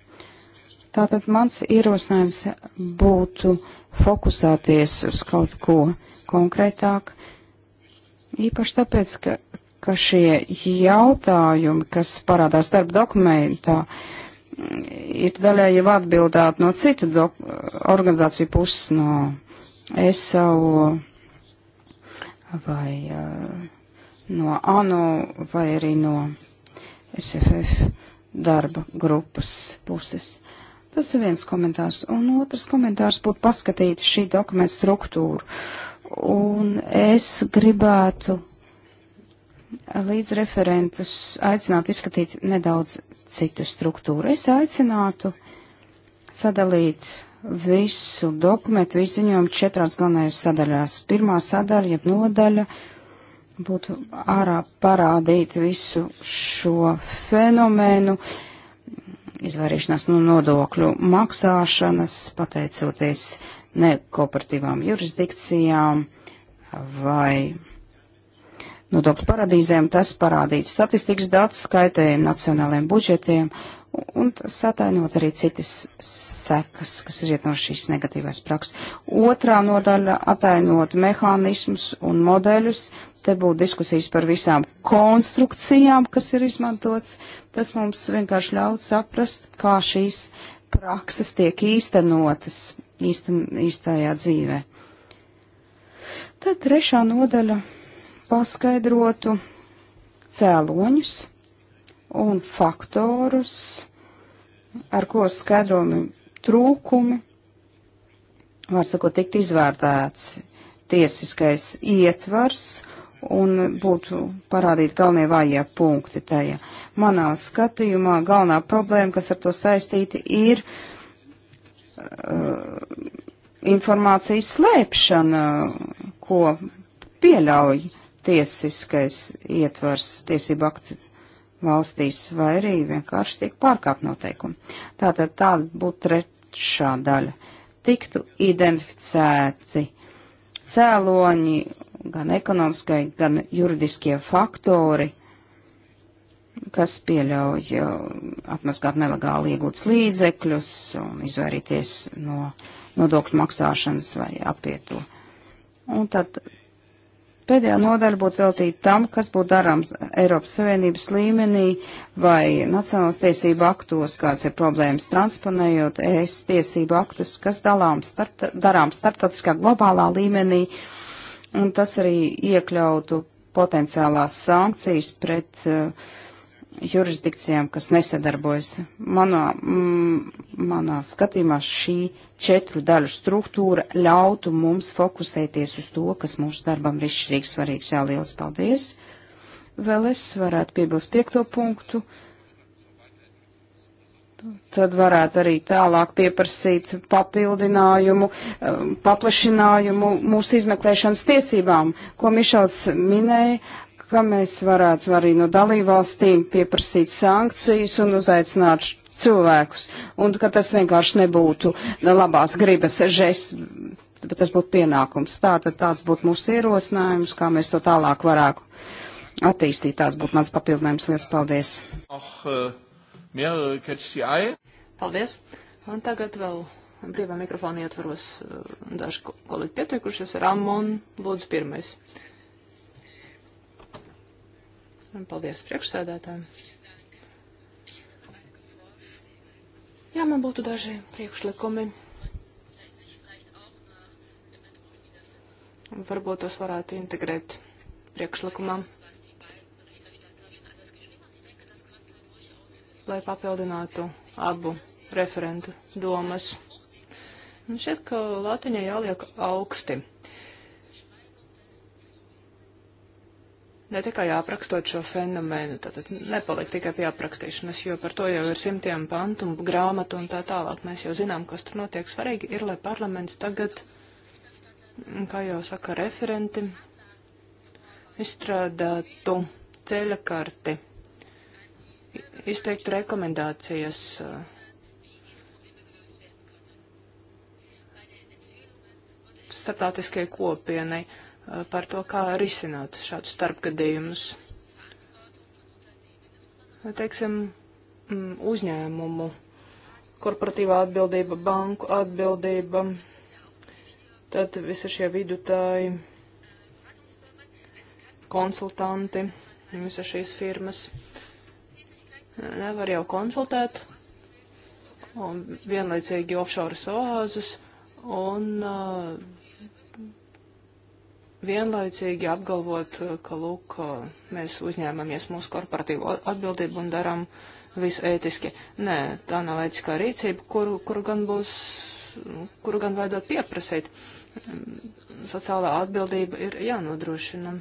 [SPEAKER 1] Tātad mans ierosinājums būtu fokusēties uz kaut ko konkrētāk, īpaši tāpēc, ka, ka šie jautājumi, kas parādās darba dokumentā, ir daļai jau atbildēt no citu organizāciju puses, no ESAU vai no ANO vai arī no SFF darba grupas puses. Tas ir viens komentārs. Un otrs komentārs būtu paskatīt šī dokumenta struktūru. Un es gribētu līdz referentus aicināt izskatīt nedaudz citu struktūru. Es aicinātu sadalīt visu dokumentu, visu ziņojumu četrās galvenajās sadaļās. Pirmā sadaļa, jeb nodaļa, būtu ārā parādīt visu šo fenomenu, izvairīšanās no nodokļu maksāšanas, pateicoties nekooperatīvām jurisdikcijām vai nodokļu paradīzēm, tas parādītu statistikas datus, skaitējumu nacionālajiem budžetiem un satainot arī citas sekas, kas iziet no šīs negatīvās prakses. Otrā nodaļa atainot mehānismus un modeļus. Te būtu diskusijas par visām konstrukcijām, kas ir izmantots. Tas mums vienkārši ļauj saprast, kā šīs prakses tiek īstenotas īsten, īstajā dzīvē. Tad trešā nodaļa paskaidrotu cēloņus un faktorus, ar ko skaidrojumi trūkumi, var sakot, tikt izvērtēts tiesiskais ietvars un būtu parādīt galvenie vājie punkti tajā. Manā skatījumā galvenā problēma, kas ar to saistīti, ir uh, informācijas slēpšana, ko pieļauj tiesiskais ietvars tiesību aktu valstīs, vai arī vienkārši tiek pārkāpt noteikumi. Tātad tāda būtu trešā daļa. Tiktu identificēti cēloņi, gan ekonomiskai, gan juridiskie faktori, kas pieļauj atmaskāt nelegāli iegūtas līdzekļus un izvairīties no nodokļu maksāšanas vai apietu. Un tad Pēdējā nodaļa būtu veltīta tam, kas būtu darāms Eiropas Savienības līmenī vai Nacionālas tiesību aktos, kāds ir problēmas transponējot ES tiesību aktus, kas dalāms starp, darāms starptautiskā globālā līmenī, un tas arī iekļautu potenciālās sankcijas pret uh, jurisdikcijām, kas nesadarbojas. Manā, mm, manā skatījumā šī četru daļu struktūra ļautu mums fokusēties uz to, kas mūsu darbam ir izšķirīgi svarīgs. Jā, liels paldies! Vēl es varētu piebilst piekto punktu. Tad varētu arī tālāk pieprasīt papildinājumu, um, paplašinājumu mūsu izmeklēšanas tiesībām, ko Mišels minēja, ka mēs varētu arī no dalībvalstīm pieprasīt sankcijas un uzaicināt cilvēkus, un ka tas vienkārši nebūtu labās gribas žests, bet tas būtu pienākums. Tātad tāds būtu mūsu ierosinājums, kā mēs to tālāk varētu attīstīt. Tāds būtu mans papildinājums. Lielas paldies!
[SPEAKER 3] Oh, uh, paldies! Un tagad vēl brīvā mikrofona ietvaros äh, daži kolēģi pieteikušies. Ramon, lūdzu, pirmais. Un paldies priekšsēdētājiem. Jā, man būtu daži priekšlikumi. Varbūt tos varētu integrēt priekšlikumā, lai papildinātu abu referentu domas. Man šķiet, ka Latvijai jāliek augsti ne tikai aprakstot šo fenomenu, tātad nepalikt tikai pie aprakstīšanas, jo par to jau ir simtiem pantu un grāmatu un tā tālāk. Mēs jau zinām, kas tur notiek. Svarīgi ir, lai parlaments tagad, kā jau saka referenti, izstrādātu ceļa karti, izteiktu rekomendācijas. starptautiskajai kopienai. Uh, Eh, par to, kā risināt šādus starpgadījumus. Teiksim, mm, uzņēmumu, korporatīvā atbildība, banku atbildība, tad visi šie vidutāji, konsultanti, visas šīs firmas. Nevar jau konsultēt, un vienlaicīgi offshore oāzes, un uh, vienlaicīgi apgalvot, eh, ka, lūk, eh, mēs uzņēmamies mūsu korporatīvo atbildību un darām visu ētiski. Nē, tā nav ētiskā rīcība, kuru, kuru gan būs, nu, kuru gan vajadzētu pieprasīt. Mm, sociālā atbildība ir jānodrošina.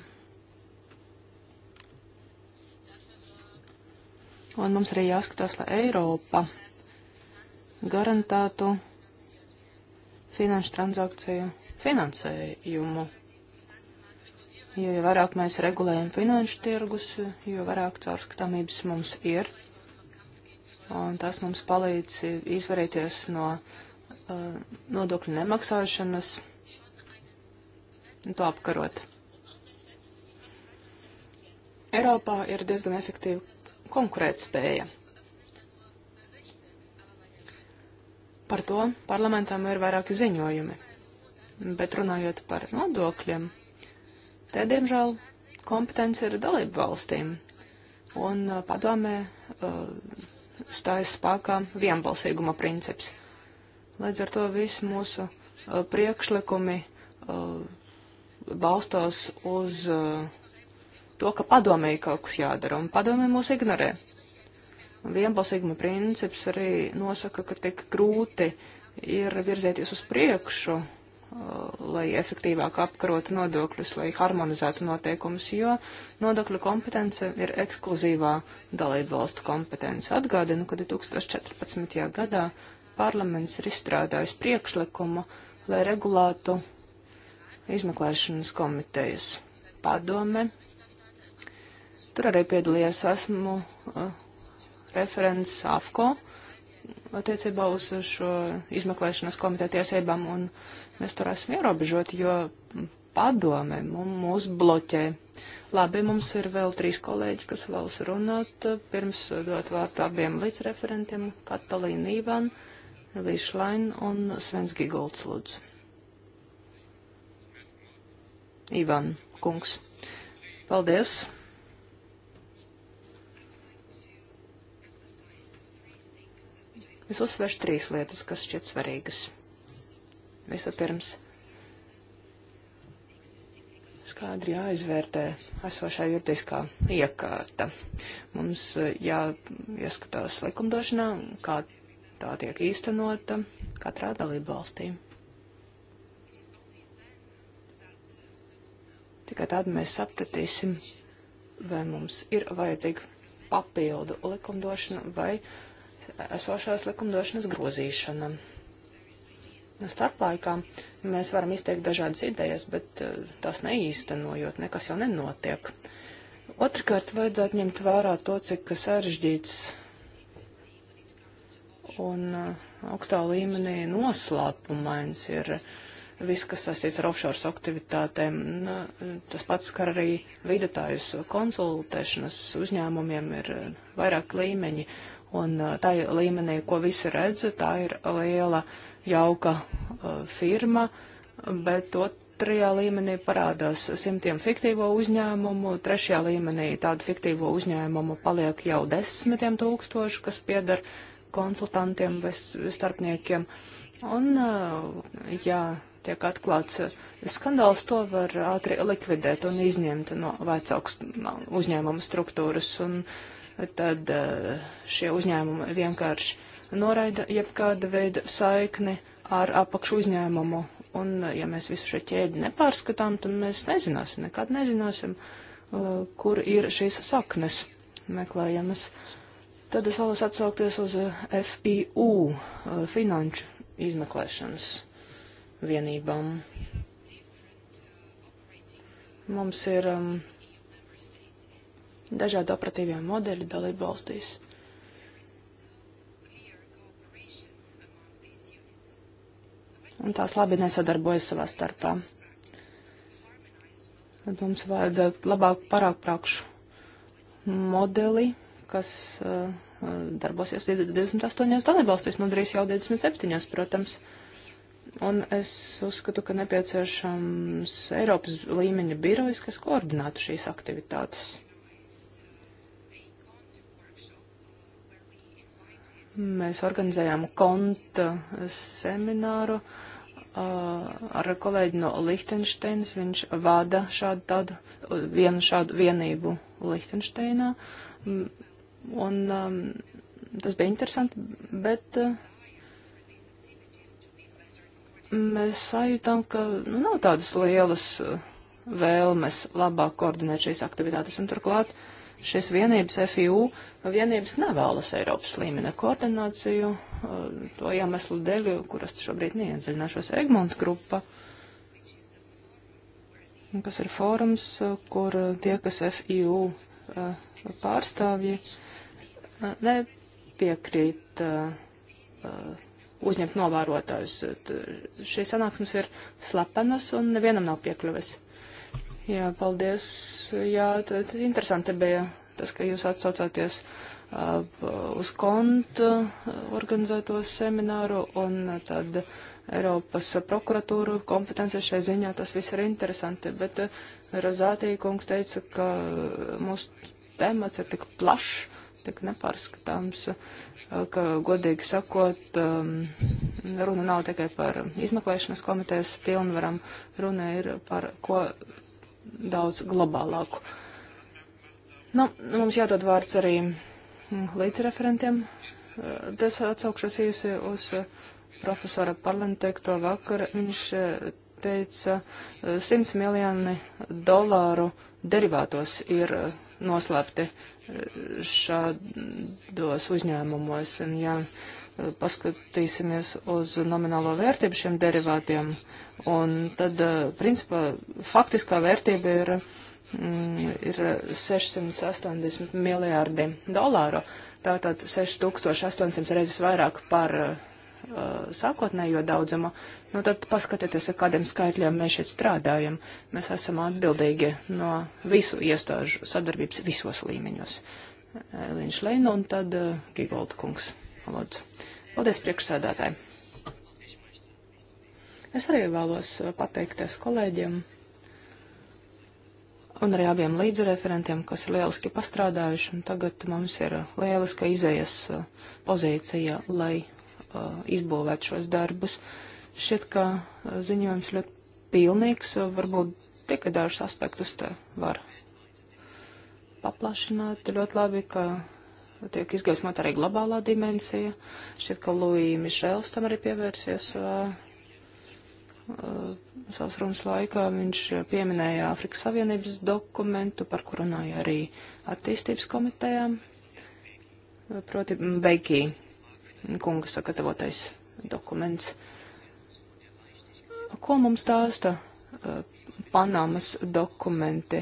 [SPEAKER 3] Un mums arī jāskatās, lai Eiropa garantētu finanšu transakciju finansējumu. Jo vairāk mēs regulējam finanšu tirgus, jo vairāk caurskatāmības mums ir. Un tas mums palīdz izvarīties no uh, nodokļu nemaksāšanas un to apkarot. Eiropā ir diezgan efektīva konkurētspēja. Par to parlamentam ir vairāki ziņojumi. Bet runājot par nodokļiem, Te, diemžēl, kompetence ir dalību valstīm, un uh, padomē uh, stājas spēkā vienbalsīguma princips. Līdz ar to visi mūsu uh, priekšlikumi balstās uz to, ka padomēji kaut kas jādara, un padomē mūs ignorē. Vienbalsīguma princips arī nosaka, ka tik grūti ir virzēties uz priekšu, lai efektīvāk apkarotu nodokļus, lai harmonizētu noteikumus, jo nodokļu kompetence ir ekskluzīvā dalību valstu kompetence. Atgādinu, ka 2014. gadā parlaments ir izstrādājis priekšlikumu, lai regulātu izmeklēšanas komitejas padome. Tur arī piedalījās esmu uh, referents AFCO. Uh, attiecībā uz šo izmeklēšanas komiteja tiesībām, un mēs tur esam ierobežoti, jo padome mūs bloķē. Labi, mums ir vēl trīs kolēģi, kas vēlas runāt. Pirms dot vārtu abiem līdzreferentiem - Katalīna Ivan, Līšlain un Svens Gigolds lūdzu. Ivan, kungs. Paldies! Es uzsveršu trīs lietas, kas šķiet svarīgas. Vispirms, skaidri jāizvērtē esošā juridiskā iekārta. Mums eh, jāieskatās likumdošanā, kā tā tiek īstenota katrā dalību valstī. Tikai tad mēs sapratīsim, vai mums ir vajadzīga papildu likumdošana vai likumdošana esošās likumdošanas grozīšana. Nu, starplaikā mēs varam izteikt dažādas idejas, bet eh, tās neīstenojot, nekas jau nenotiek. Otrakārt, vajadzētu ņemt vērā to, cik sarežģīts un eh, augstā līmenī noslēpumains ir viss, kas saistīts ar offshore aktivitātēm. Eh, tas pats skar arī vidutājus konsultēšanas uzņēmumiem ir vairāk līmeņi, Un uh, tā līmenī, ko visi redz, tā ir liela, jauka uh, firma, bet otrajā līmenī parādās simtiem fiktīvo uzņēmumu, trešajā līmenī tādu fiktīvo uzņēmumu paliek jau desmitiem tūkstoši, kas piedar konsultantiem vai starpniekiem. Un, uh, jā, tiek atklāts skandāls, to var ātri likvidēt un izņemt no vecāku uzņēmumu struktūras. Un, uh, tad eh, šie uzņēmumi vienkārši noraida jebkāda veida saikni ar apakšu uzņēmumu. Un eh, ja mēs visu šo ķēdi nepārskatām, tad mēs nezināsim, nekad nezināsim, eh, kur ir šīs saknes meklējamas. Tad es vēlos atsaukties uz FIU, finanšu izmeklēšanas vienībām. Mums ir um, dažādi operatīvie modeļi dalību valstīs. Un tās labi nesadarbojas savā starpā. Tad mums vajadzētu labāku parākprākšu modeli, kas uh, uh darbosies 28 dalībvalstīs, nu drīz jau 27, protams. Un es uzskatu, ka nepieciešams Eiropas līmeņa birojs, kas koordinātu šīs aktivitātes. Mēs organizējām konta uh, semināru uh, ar kolēģi no Lihtenšteinas. Viņš vada šādu tādu, uh, vienu šādu vienību Lihtenšteinā. Mm, un um, tas bija interesanti, bet uh, mēs sajūtām, ka nu, nav tādas lielas vēlmes labāk koordinēt šīs aktivitātes. Un turklāt uh, šis vienības FIU vienības nevēlas Eiropas līmena koordināciju, eh, to iemeslu dēļ, kuras šobrīd neiedziļināšos, Egmonta grupa, kas ir fórums, kur tie, kas FIU eh, pārstāvji, eh, nepiekrīt uzņemt novērotājus. Šīs sanāksmes ir slepenas un nevienam nav piekļuves. Jā, paldies. Jā, tad interesanti bija tas, ka jūs atsaucāties uh, uz kontu organizēto semināru un tad Eiropas prokuratūru kompetences šai ziņā. Tas viss ir interesanti, bet uh, Rozātī kungs teica, ka mūsu temats ir tik plašs, tik nepārskatāms, ka, godīgi sakot, runa nav tikai par izmeklēšanas komitejas pilnvaram, runa ir par ko daudz globālāku. Nu, mums jādod vārds arī mm, līdzreferentiem. Es eh, atsaukšos īsi uz eh, profesora Parlenteikto vakar. Viņš eh, teica, 100 miljoni dolāru derivātos ir noslēpti šādos uzņēmumos. Un, ja, paskatīsimies uz nominālo vērtību šiem derivātiem, un tad, eh, principā, faktiskā vērtība ir, mm, ir 680 miljārdi dolāru, tātad 6800 reizes vairāk par uh, sākotnējo daudzumu, nu tad paskatieties, ar kādiem skaitļiem mēs šeit strādājam. Mēs esam atbildīgi no visu iestāžu sadarbības visos līmeņos. Līņš Leina un tad uh, Gigolda kungs. Lūdzu. Paldies priekšsēdētāji. Es arī vēlos pateikties kolēģiem un arī abiem līdzreferentiem, kas ir lieliski pastrādājuši, un tagad mums ir lieliska izējas uh, pozīcija, lai uh, izbūvētu šos darbus. Šķiet, ka uh, ziņojums ļoti pilnīgs, uh, varbūt tikai dažus aspektus te var paplašināt. Ļoti labi, ka tiek izgaismot arī globālā dimensija. Šķiet, ka Lūija Mišels tam arī pievērsies uh, uh, savas runas laikā. Viņš pieminēja Āfrikas Savienības dokumentu, par kuru runāja arī attīstības komitejām. Proti, Beikī kunga sagatavotais dokuments. Ko mums stāsta uh, Panamas dokumenti?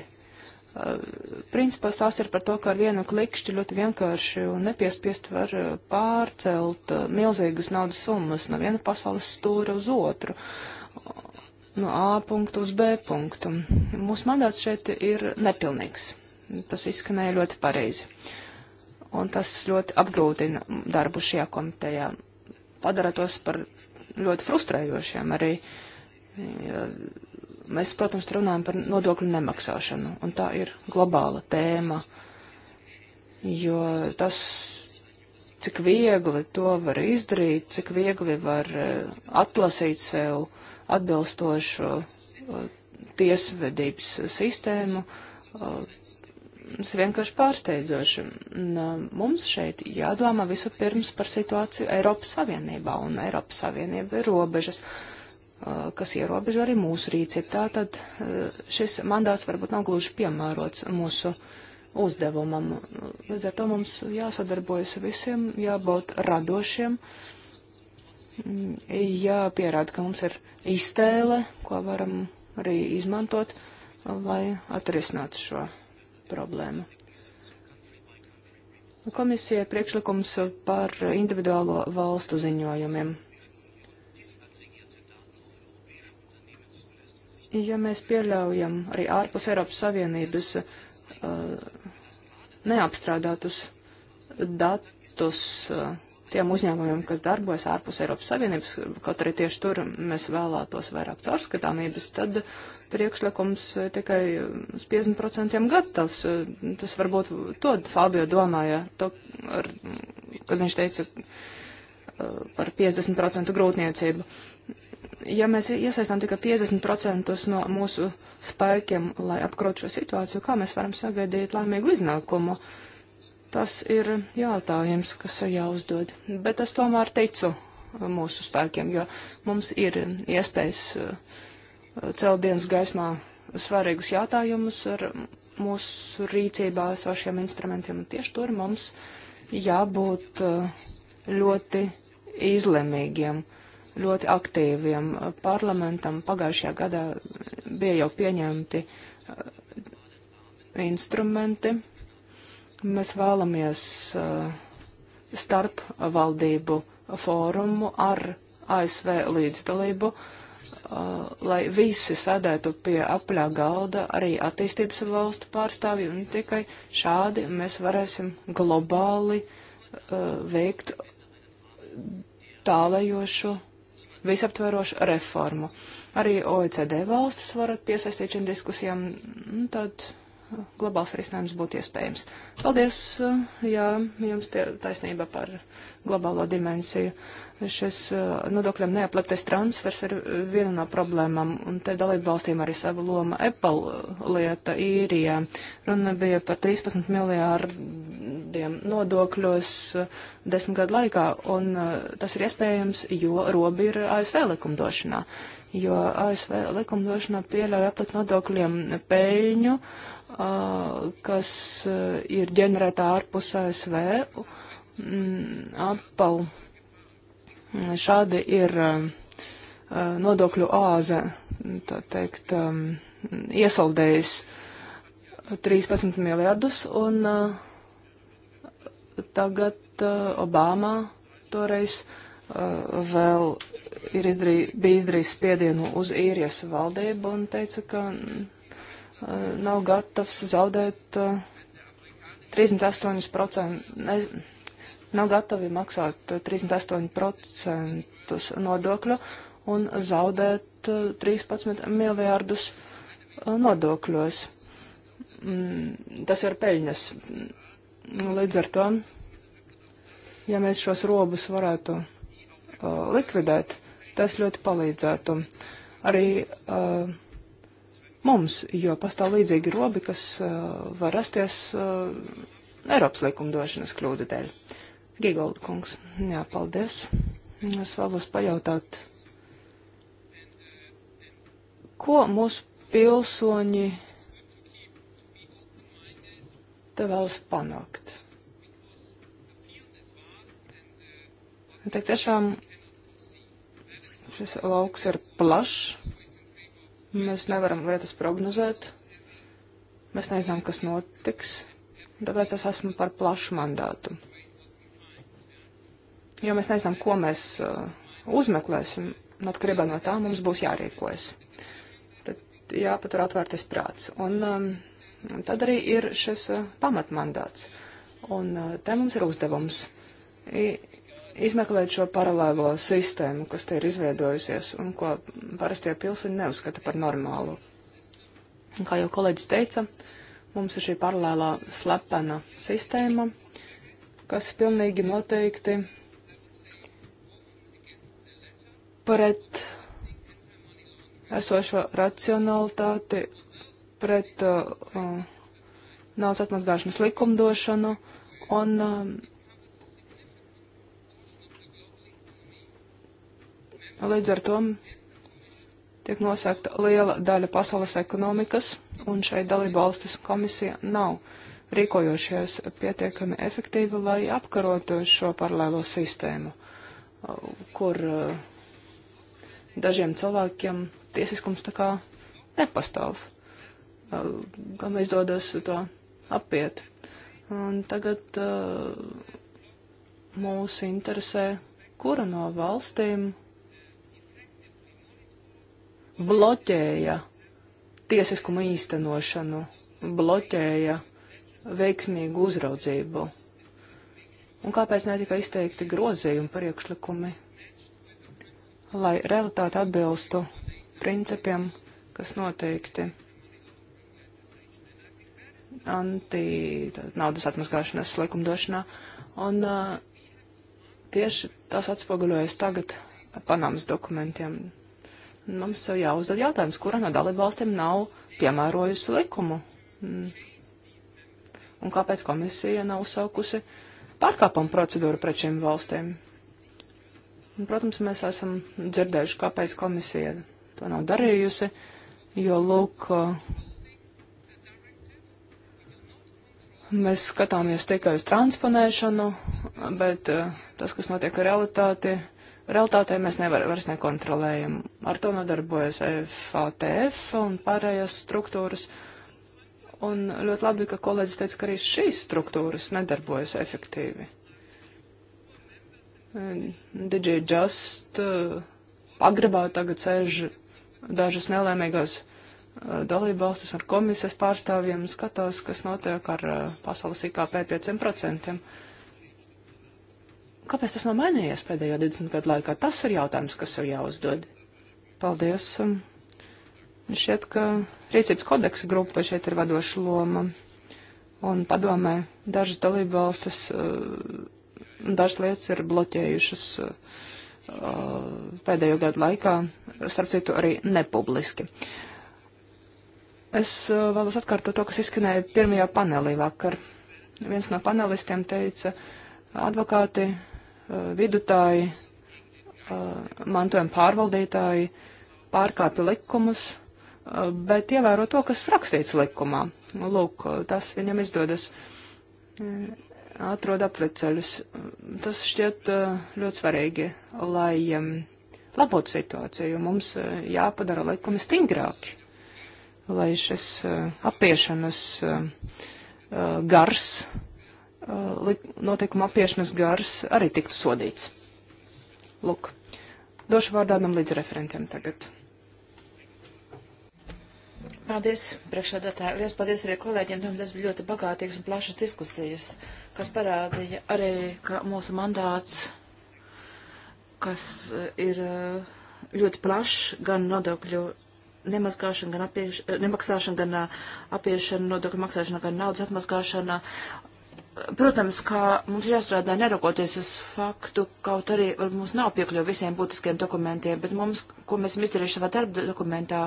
[SPEAKER 3] Principā tās ir par to, ka ar vienu klikšķi ļoti vienkārši un nepiespiest var eh, pārcelt eh, milzīgas naudas summas no viena pasaules stūra uz otru, no A punktu uz B punktu. Mūsu mandāts šeit ir nepilnīgs. Tas izskanēja ļoti pareizi. Un tas ļoti apgrūtina darbu šajā komitejā. Padara tos par ļoti frustrējošiem arī. Ja mēs, protams, runājam par nodokļu nemaksāšanu, un tā ir globāla tēma, jo tas, cik viegli to var izdarīt, cik viegli var e, atlasīt sev atbilstošu e, tiesvedības sistēmu, e, tas vienkārši pārsteidzoši. Mums šeit jādomā visu pirms par situāciju Eiropas Savienībā, un Eiropas Savienība ir robežas. Uh, Uh, kas ierobežo arī mūsu rīcību. Tātad uh, šis mandāts varbūt nav gluži piemērots mūsu uzdevumam. Līdz ar to mums jāsadarbojas visiem, jābūt radošiem, mm, jāpierāda, ka mums ir iztēle, ko varam arī izmantot, lai atrisinātu šo problēmu. Komisija priekšlikums par individuālo valstu ziņojumiem. ja mēs pieļaujam arī ārpus Eiropas Savienības uh, neapstrādātus datus uh, tiem uzņēmumiem, kas darbojas ārpus Eiropas Savienības, kaut arī tieši tur mēs vēlētos vairāk caurskatāmības, tad priekšlikums eh, tikai 50% gatavs. Tas varbūt to Fabio domāja, to, ar, kad viņš teica uh, par 50% grūtniecību. Uh, ja mēs iesaistām tikai 50% no mūsu spēkiem, lai apkrotu šo situāciju, kā mēs varam sagaidīt laimīgu iznākumu? Tas ir jautājums, kas jāuzdod. Bet es tomēr teicu uh, mūsu spēkiem, jo mums ir iespējas uh, celt dienas gaismā svarīgus jautājumus ar mūsu rīcībā esošiem instrumentiem. Tieši tur mums jābūt uh, ļoti izlemīgiem. Uh, ļoti aktīviem. Parlamentam pagājušajā gadā bija jau pieņemti uh, instrumenti. Mēs vēlamies uh, starp valdību fórumu ar ASV līdzdalību, uh, lai visi sēdētu pie apļā galda, arī attīstības valstu pārstāvji, un tikai šādi mēs varēsim globāli veikt tālējošu visaptverošu reformu. Arī OECD valstis varat piesaistīt šīm diskusijām, tad uh, globāls risinājums būtu iespējams. Paldies, uh, jā, jums taisnība par globālo dimensiju. Šis uh, nodokļiem neapliktais transfers ir viena no problēmām, un te dalību valstīm arī sava loma Apple lieta īrijā. Runa bija par 13 miljārdu miljardiem nodokļos eh, desmit gadu laikā, un eh, tas ir iespējams, jo roba ir ASV likumdošanā. Jo ASV likumdošanā pieļauj aplikt nodokļiem peļņu, eh, kas ir ģenerēta ārpus ASV mm, apalu. Šādi ir nodokļu āze, tā teikt, iesaldējis 13 miljardus, un uh, Tagad eh, Obama toreiz eh, vēl ir izdarī, bija izdarījis spiedienu uz īrijas valdību un teica, ka eh, nav gatavs zaudēt 38%, ne, nav gatavi maksāt 38% nodokļu un zaudēt 13 miljārdus nodokļos. Mm, tas ir peļņas Nu, līdz ar to, ja mēs šos robus varētu uh, likvidēt, tas ļoti palīdzētu arī uh, mums, jo pastāv līdzīgi robi, kas uh, var rasties uh, Eiropas likumdošanas kļūda dēļ. Gigolda kungs, jā, paldies. Es vēlos pajautāt, ko mūsu pilsoņi to vēlas panākt. Tik tiešām šis lauks ir plašs. Mēs nevaram lietas prognozēt. Mēs nezinām, kas notiks. Tāpēc es esmu par plašu mandātu. Jo mēs nezinām, ko mēs uh, uzmeklēsim. Atkarībā no tā mums būs jārīkojas. Tad jāpatur atvērtais prāts. Un um, Un tad arī ir šis uh, pamatmandāts. Un uh, te mums ir uzdevums izmeklēt šo paralēlo sistēmu, kas te ir izveidojusies un ko parastie pilsoņi neuzskata par normālu. Un, kā jau kolēģis teica, mums ir šī paralēlā slepena sistēma, kas pilnīgi noteikti pret esošo racionalitāti pret uh, uh, naudas atmazgāšanas likumdošanu un um, līdz ar to tiek nosakta liela daļa pasaules ekonomikas un šeit dalība valstis komisija nav rīkojošies pietiekami efektīvi, lai apkarotu šo paralēlo sistēmu, uh, kur uh, dažiem cilvēkiem tiesiskums tā kā nepastāv kam izdodas to apiet. Un tagad uh, mūs interesē, kura no valstīm bloķēja tiesiskumu īstenošanu, bloķēja veiksmīgu uzraudzību. Un kāpēc netika izteikti grozījumi priekšlikumi, lai realitāte atbilstu principiem, kas noteikti anti-naudas atmaskāšanas likumdošanā. Un uh, tieši tas atspoguļojas tagad Panamas dokumentiem. Mums jau jāuzdod jautājums, kura no dalībvalstīm nav piemērojusi likumu. Mm. Un kāpēc komisija nav uzsaukusi pārkāpumu procedūru pret šīm valstīm? Un, protams, mēs esam dzirdējuši, kāpēc komisija to nav darījusi, jo, lūk, uh, Mēs skatāmies tikai uz transponēšanu, bet eh, tas, kas notiek realitāti, realitātē mēs nevar, vairs nekontrolējam. Ar to nodarbojas FATF un pārējās struktūras. Un ļoti labi, ka kolēģis teica, ka arī šīs struktūras nedarbojas efektīvi. Digi Just eh, pagrabā tagad sēž dažas nelēmīgās dalībvalstis ar komisijas pārstāvjiem skatās, kas notiek ar eh, pasaules IKP 5%. Kāpēc tas nav mainījies pēdējo 20 gadu laikā? Tas ir jautājums, kas ir jāuzdod. Paldies. Šķiet, ka rīcības kodeksa grupa šeit ir vadoša loma. Un padomē, dažas dalībvalstis, eh, dažas lietas ir bloķējušas eh, pēdējo gadu laikā, starp citu arī nepubliski. Uh, Es uh, vēlos atkārtot to, kas izskanēja pirmajā panelī vakar. Viens no panelistiem teica, advokāti, uh, vidutāji, uh, mantojuma pārvaldītāji pārkāpja likumus, bet ievēro to, kas rakstīts likumā. Lūk, tas viņam izdodas mm, atrod apveceļus. Tas šķiet ļoti svarīgi, lai um, labotu situāciju. Mums jāpadara likumi stingrāki lai šis eh, apiešanas eh, eh, gars, notikuma apiešanas gars arī tiktu sodīts. Lūk, došu vārdādam līdz referentiem tagad.
[SPEAKER 2] Paldies, priekšsēdētāji. Liels paldies arī kolēģiem. Domāju, tas bija ļoti bagātīgs un plašas diskusijas, kas parādīja arī, ka mūsu mandāts, kas ir ļoti plašs, gan nodokļu nemazgāšana, gan apieš, nemaksāšana, gan eh, eh, apiešana, nodokļu maksāšana, gan naudas atmazgāšana. Protams, ka mums ir jāstrādā neraugoties uz faktu, kaut arī mums nav piekļuva visiem būtiskiem dokumentiem, bet mums, ko mēs esam izdarījuši savā darba dokumentā,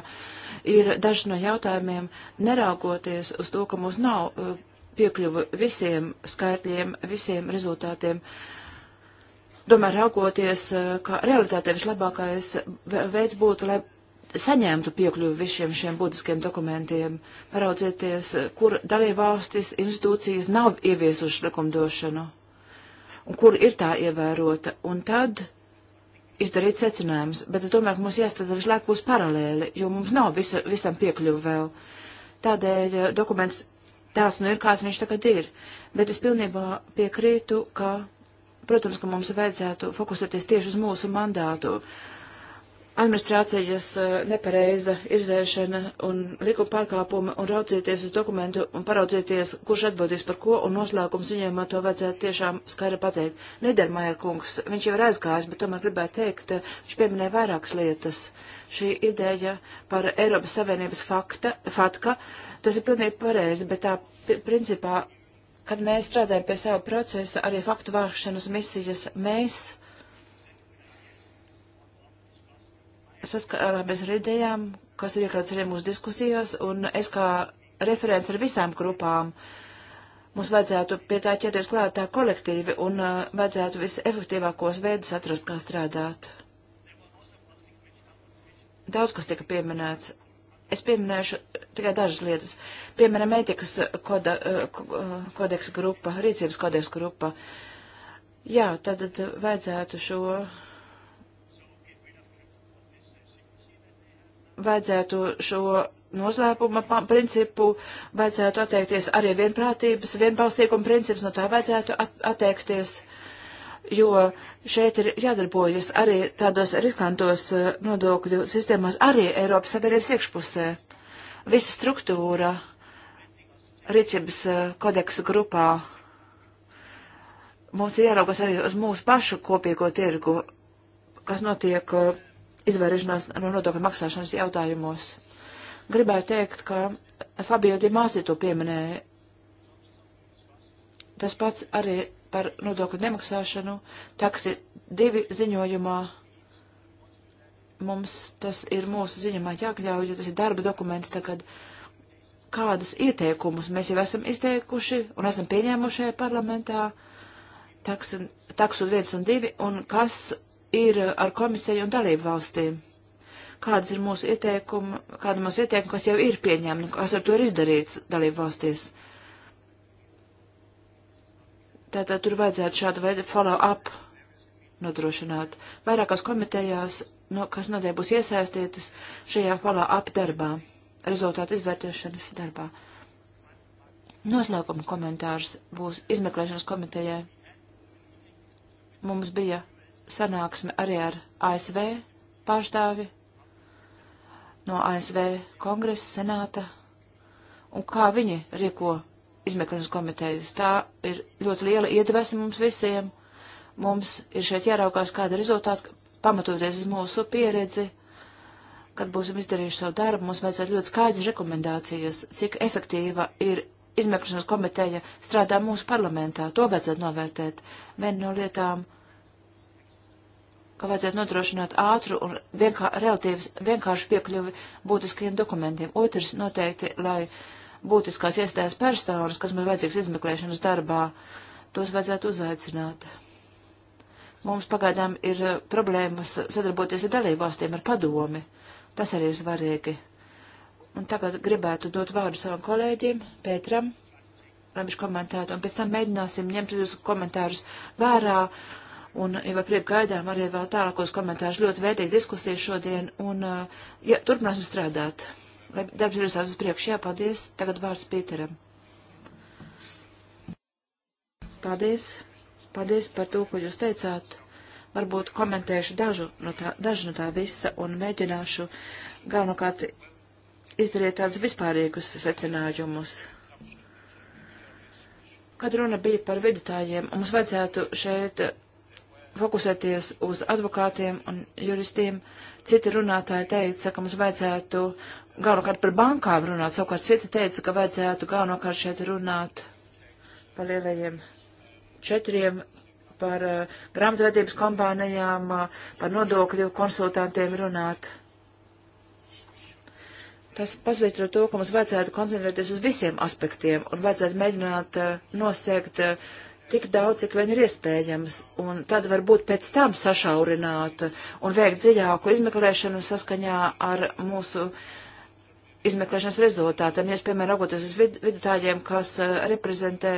[SPEAKER 2] ir daži no jautājumiem, neraugoties uz to, ka mums nav eh, piekļuva visiem skaitļiem, visiem rezultātiem. Uh, Domāju, raugoties, ka realitāte vislabākais veids būtu, lai saņemtu piekļuvi visiem šiem būtiskiem dokumentiem. Paraudzieties, kur dalībvalstis institūcijas nav ieviesušas likumdošanu un kur ir tā ievērota. Un tad izdarīt secinājumus. Bet es domāju, ka mums jāstrādā visu laiku būs paralēli, jo mums nav visa, visam piekļuvi vēl. Tādēļ eh, dokuments tāds nu ir, kāds viņš tagad ir. Bet es pilnībā piekrītu, ka, protams, ka mums vajadzētu fokusēties tieši uz mūsu mandātu administrācijas eh, nepareiza izvēršana un likuma pārkāpuma un raucieties uz dokumentu un paraudzieties, kurš atbildīs par ko un noslēgums viņiem to vajadzētu tiešām skaidri pateikt. Nedermajer kungs, viņš jau ir aizgājis, bet tomēr gribētu teikt, eh, viņš pieminēja vairākas lietas. Šī ideja par Eiropas Savienības fakta, fatka, tas ir pilnīgi pareizi, bet tā principā, kad mēs strādājam pie sava procesa, arī faktu vākšanas misijas, mēs saskārāmies ar idejām, kas ir iekļauts arī mūsu diskusijās, un es kā referents ar visām grupām. Mums vajadzētu pie tā ķerties klāt tā kolektīvi un uh, vajadzētu visefektīvākos veidus atrast, kā strādāt. Daudz kas tika pieminēts. Es pieminēšu tikai dažas lietas. Piemēram, ētikas koda, uh, uh, kodeksa grupa, rīcības kodeksa grupa. Jā, tad vajadzētu šo vajadzētu šo noslēpuma principu, vajadzētu atteikties arī vienprātības, vienbalsīguma princips, no tā vajadzētu at atteikties, jo šeit ir jādarbojas arī tādos riskantos eh, nodokļu sistēmās, arī Eiropas Savienības iekšpusē. Visa struktūra rīcības eh, kodeksa grupā mums ir jāraugas arī uz mūsu pašu kopīgo tirgu, kas notiek eh, izvairīšanās no nodokļu maksāšanas jautājumos. Gribēju teikt, ka Fabio Dimāzi to pieminēja. Tas pats arī par nodokļu nemaksāšanu. Taksi divi ziņojumā mums tas ir mūsu ziņamā jākļauj, jo tas ir darba dokuments tagad. Kādas ieteikumus mēs jau esam izteikuši un esam pieņēmuši parlamentā, taksu, taksu viens un divi, un kas ir ar komisiju un dalību valstīm. Kādas ir mūsu ieteikumi, kāda mūsu ieteikuma, kas jau ir pieņemta, kas ar to ir izdarīts dalību valstīs? Tātad tur vajadzētu šādu veidu follow-up nodrošināt. Vairākās komitejās, no, kas noteikti būs iesaistītas šajā follow-up darbā, rezultātu izvērtēšanas darbā. Noslēguma komentārs būs izmeklēšanas komitejai. Mums bija sanāksme arī ar ASV pārstāvi no ASV kongresa, senāta, un kā viņi rieko izmeklēšanas komitejas. Tā ir ļoti liela iedvesma mums visiem. Mums ir šeit jāraukās kāda rezultāta, pamatoties uz mūsu pieredzi, kad būsim izdarījuši savu darbu, mums vajadzētu ļoti skaidrs rekomendācijas, cik efektīva ir izmeklēšanas komiteja strādā mūsu parlamentā. To vajadzētu novērtēt. Viena no lietām, uh, ka vajadzētu nodrošināt ātru un vienkār, relatīvi vienkāršu piekļuvi būtiskajiem dokumentiem. Otrs noteikti, lai būtiskās iestājas personas, kas man vajadzīgs izmeklēšanas darbā, tos vajadzētu uzaicināt. Mums pagaidām ir eh, problēmas sadarboties ar dalībvalstīm, ar padomi. Tas arī ir svarīgi. Un tagad gribētu dot vārdu savam kolēģim, Pētram, lai viņš komentētu, un pēc tam mēģināsim ņemt jūsu komentārus vērā un jau ar prieku gaidām arī vēl tālākos komentārus. Ļoti vērtīga diskusija šodien, un uh, ja, turpināsim strādāt. Lai darbs ir uz priekšu, jā, paldies. Tagad vārds Pīteram. Paldies. Paldies par to, ko jūs teicāt. Varbūt komentēšu dažu no tā, dažu no tā visa un mēģināšu galvenokārt izdarīt tādus vispārīgus secinājumus kad runa bija par vidutājiem, mums vajadzētu šeit fokusēties uz advokātiem un juristiem. Citi runātāji teica, ka mums vajadzētu galvenokārt par bankām runāt, savukārt citi teica, ka vajadzētu galvenokārt šeit runāt par lielajiem četriem, par uh, grāmatvedības kompānijām, uh, par nodokļu konsultantiem runāt. Tas pasvītro to, ka mums vajadzētu koncentrēties uz visiem aspektiem un vajadzētu mēģināt uh, nosegt uh, tik daudz, cik vien ir iespējams, un tad varbūt pēc tam sašaurināt un veikt dziļāku izmeklēšanu saskaņā ar mūsu izmeklēšanas rezultātiem. Ja es, piemēram, raugoties uz vid vidutājiem, kas uh, reprezentē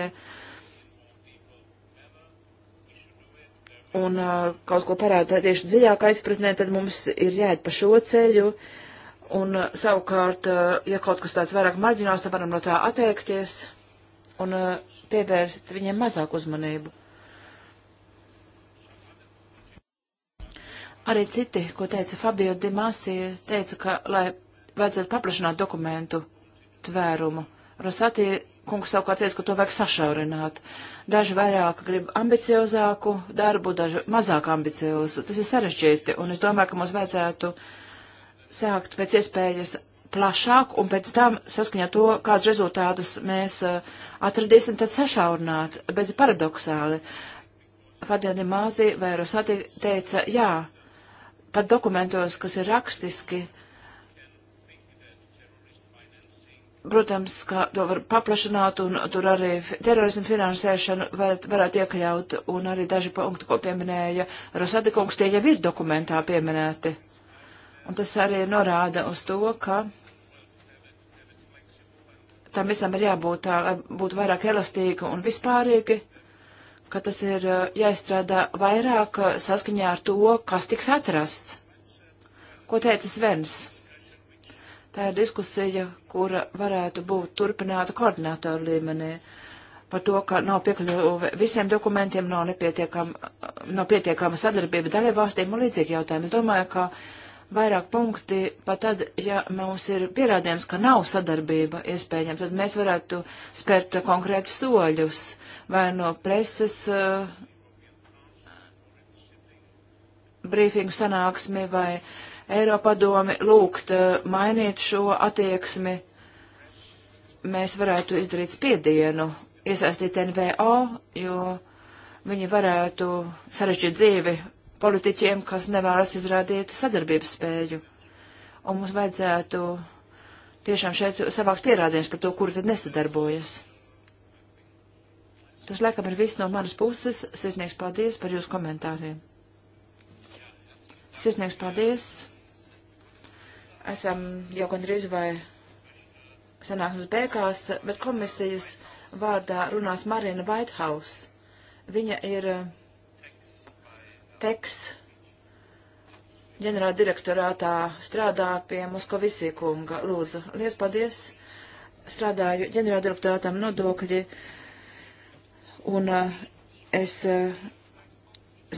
[SPEAKER 2] un uh, kaut ko parāda tieši dziļāk aizpratnē, tad mums ir jāiet pa šo ceļu. Un uh, savukārt, ja kaut kas tāds vairāk marģināls, tad varam no tā atteikties. Un uh, pievērst viņiem mazāk uzmanību. Arī citi, ko teica Fabio Dimasi, teica, ka, lai vajadzētu paplašināt dokumentu tvērumu. Rosati kungs savukārt teica, ka to vajag sašaurināt. Daži vairāk grib ambiciozāku darbu, daži mazāk ambiciozu. Tas ir sarežģīti, un es domāju, ka mums vajadzētu sākt pēc iespējas plašāk un pēc tam saskaņā to, kādus rezultātus mēs eh, atradīsim, tad sašaurināt. Bet paradoxāli, Fadjani Māzi vai Rosati teica, jā, pat dokumentos, kas ir rakstiski, protams, ka to var paplašināt, un tur arī terorismu finansēšanu var, varētu iekļaut, un arī daži punkti, ko pieminēja Rosadikungs, tie jau ir dokumentā pieminēti. Un tas arī norāda uz to, ka tam visam ir jābūt tā, lai būtu vairāk elastīgi un vispārīgi, ka tas ir jāizstrādā vairāk saskaņā ar to, kas tiks atrasts. Ko teica Svens? Tā ir diskusija, kura varētu būt turpināta koordinātoru līmenī par to, ka nav piekļuve visiem dokumentiem, nav, nav pietiekama sadarbība dalībvalstīm un līdzīgi jautājumi. Es domāju, ka uh, vairāk punkti, pat tad, ja mums ir pierādījums, ka nav sadarbība iespējama, tad mēs varētu spērt konkrētus soļus vai no preses uh, brīfingu sanāksmi vai Eiropadomi lūgt uh, mainīt šo attieksmi. Mēs varētu izdarīt spiedienu, iesaistīt NVO, jo viņi varētu sarežģīt dzīvi politiķiem, kas nevēlas izrādīt sadarbības spēju. Un mums vajadzētu tiešām šeit savākt pierādījums par to, kuri tad nesadarbojas. Tas, laikam, ir viss no manas puses. Sirsnieks paldies par jūsu komentāriem. Sirsnieks paldies. Esam jau gandrīz vai sanāksmes beigās, bet komisijas vārdā runās Marina Whitehouse. Viņa ir uh, PEKS ģenerāla direktorātā strādā pie Moskovisī kunga. Lūdzu, liels paldies. Strādāju ģenerāla direktorātam nodokļi un eh, es eh,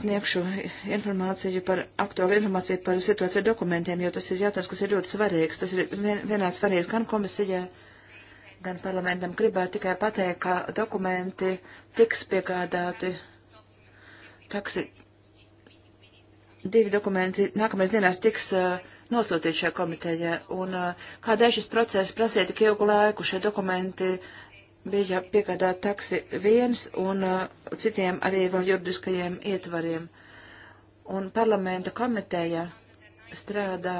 [SPEAKER 2] sniegšu informāciju par aktuālu informāciju par situāciju dokumentiem, jo tas ir jautājums, kas ir ļoti svarīgs. Tas ir vien, vienāds svarīgs gan komisijai, gan parlamentam. Gribētu tikai pateikt, ka dokumenti tiks piegādāti taksi divi dokumenti nākamais dienās tiks uh, nosūtīti šajā komitejā. Un uh, kādēļ šis process prasīja tik ilgu laiku? Šie dokumenti bija piegādāti taksi viens un uh, citiem arī vēl juridiskajiem ietvariem. Un parlamenta komiteja strādā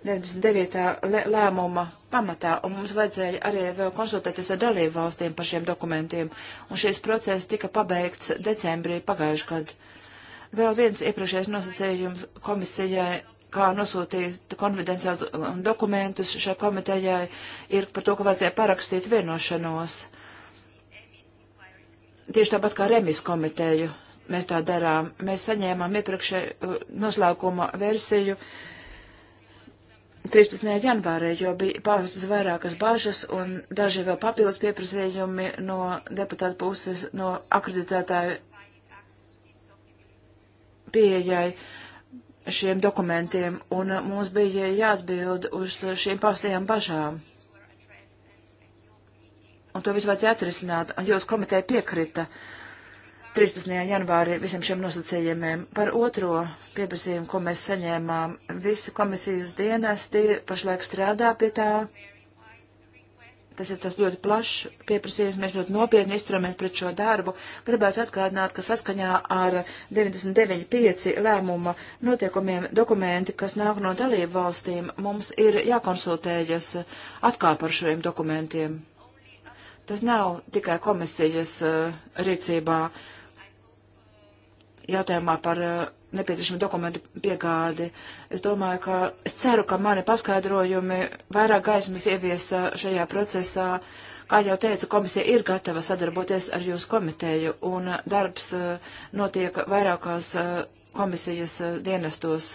[SPEAKER 2] 99. lēmuma pamatā, un mums vajadzēja arī vēl konsultēties ar dalību valstīm par šiem dokumentiem, un šīs process tika pabeigts decembrī pagājušajā gadā Vēl viens iepriekšējais nosacījums komisijai, kā nosūtīt konfidenciālus dokumentus šai komitejai, ir par to, ka vajadzēja parakstīt vienošanos. Tieši tāpat kā remis komiteju mēs tā darām. Mēs saņēmām iepriekšēju uh, noslēguma versiju 13. janvārī, jo bija pārstas vairākas bāžas un daži vēl papildus pieprasījumi no deputāta puses, no akreditētāju pieejai šiem dokumentiem, un mums bija jāatbild uz šīm paustajām bažām. Un to visu vajadzēja atrisināt, un jūs komiteja piekrita 13. janvārī visiem šiem nosacījumiem. Par otro pieprasījumu, ko mēs saņēmām, visi komisijas dienesti pašlaik strādā pie tā. Tas ir tas ļoti plašs pieprasījums, mēs ļoti nopietni izturamies pret šo darbu. Gribētu atgādināt, ka saskaņā ar 99.5 lēmuma notiekumiem dokumenti, kas nāk no dalību valstīm, mums ir jākonsultējas atkal par šiem dokumentiem. Tas nav tikai komisijas eh, rīcībā. Uh, jautājumā par eh, nepieciešamu dokumentu piegādi. Es domāju, ka es ceru, ka mani paskaidrojumi vairāk gaismas ieviesa šajā procesā. Kā jau teicu, komisija ir gatava sadarboties ar jūsu komiteju, un darbs eh, notiek vairākās eh, komisijas dienestos.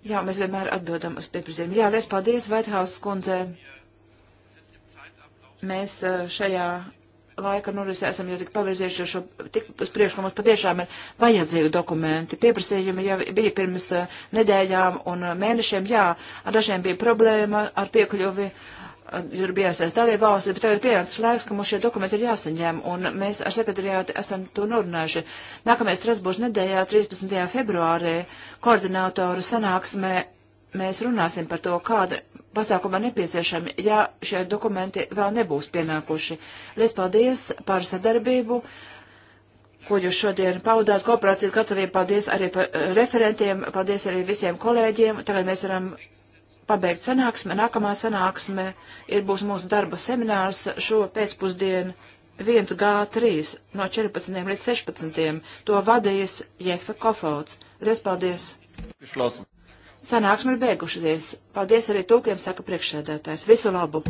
[SPEAKER 2] Jā, mēs vienmēr atbildam uz pieprasījumiem. Jā, liels paldies, Vaithaus kundze. Mēs šajā laika norisē nu, esam jau tik pavirzījuši šo, tik uz priekšu, ka mums patiešām ir vajadzīgi dokumenti. Pieprasījumi jau bija pirms eh, nedēļām un eh, mēnešiem, jā, ar dažiem bija problēma ar piekļuvi. Eh, tur bija jāsēst dalībvalstis, bet tagad pienācis laiks, ka mums šie dokumenti ir jāsaņem, un mēs ar sekretariāti esam to norunājuši. Nākamajā Strasbūras nedēļā, 13. februārī, koordinātoru sanāksmē mēs runāsim par to, kāda pasākumā nepieciešami, ja šie dokumenti vēl nebūs pienākuši. Lies paldies par sadarbību, ko jūs šodien paudāt, kooperācijas gatavību. Paldies arī par eh, referentiem, paldies arī visiem kolēģiem. Tagad mēs varam pabeigt sanāksmi. Nākamā sanāksme ir būs mūsu darba seminārs šo pēcpusdienu. 1G3 no 14 līdz 16. To vadīs Jefe Kofauts. Lies paldies! Beschlossen. Sanāksme ir beigušies. Paldies arī tūkiem, saka priekšsēdētājs. Visu labu!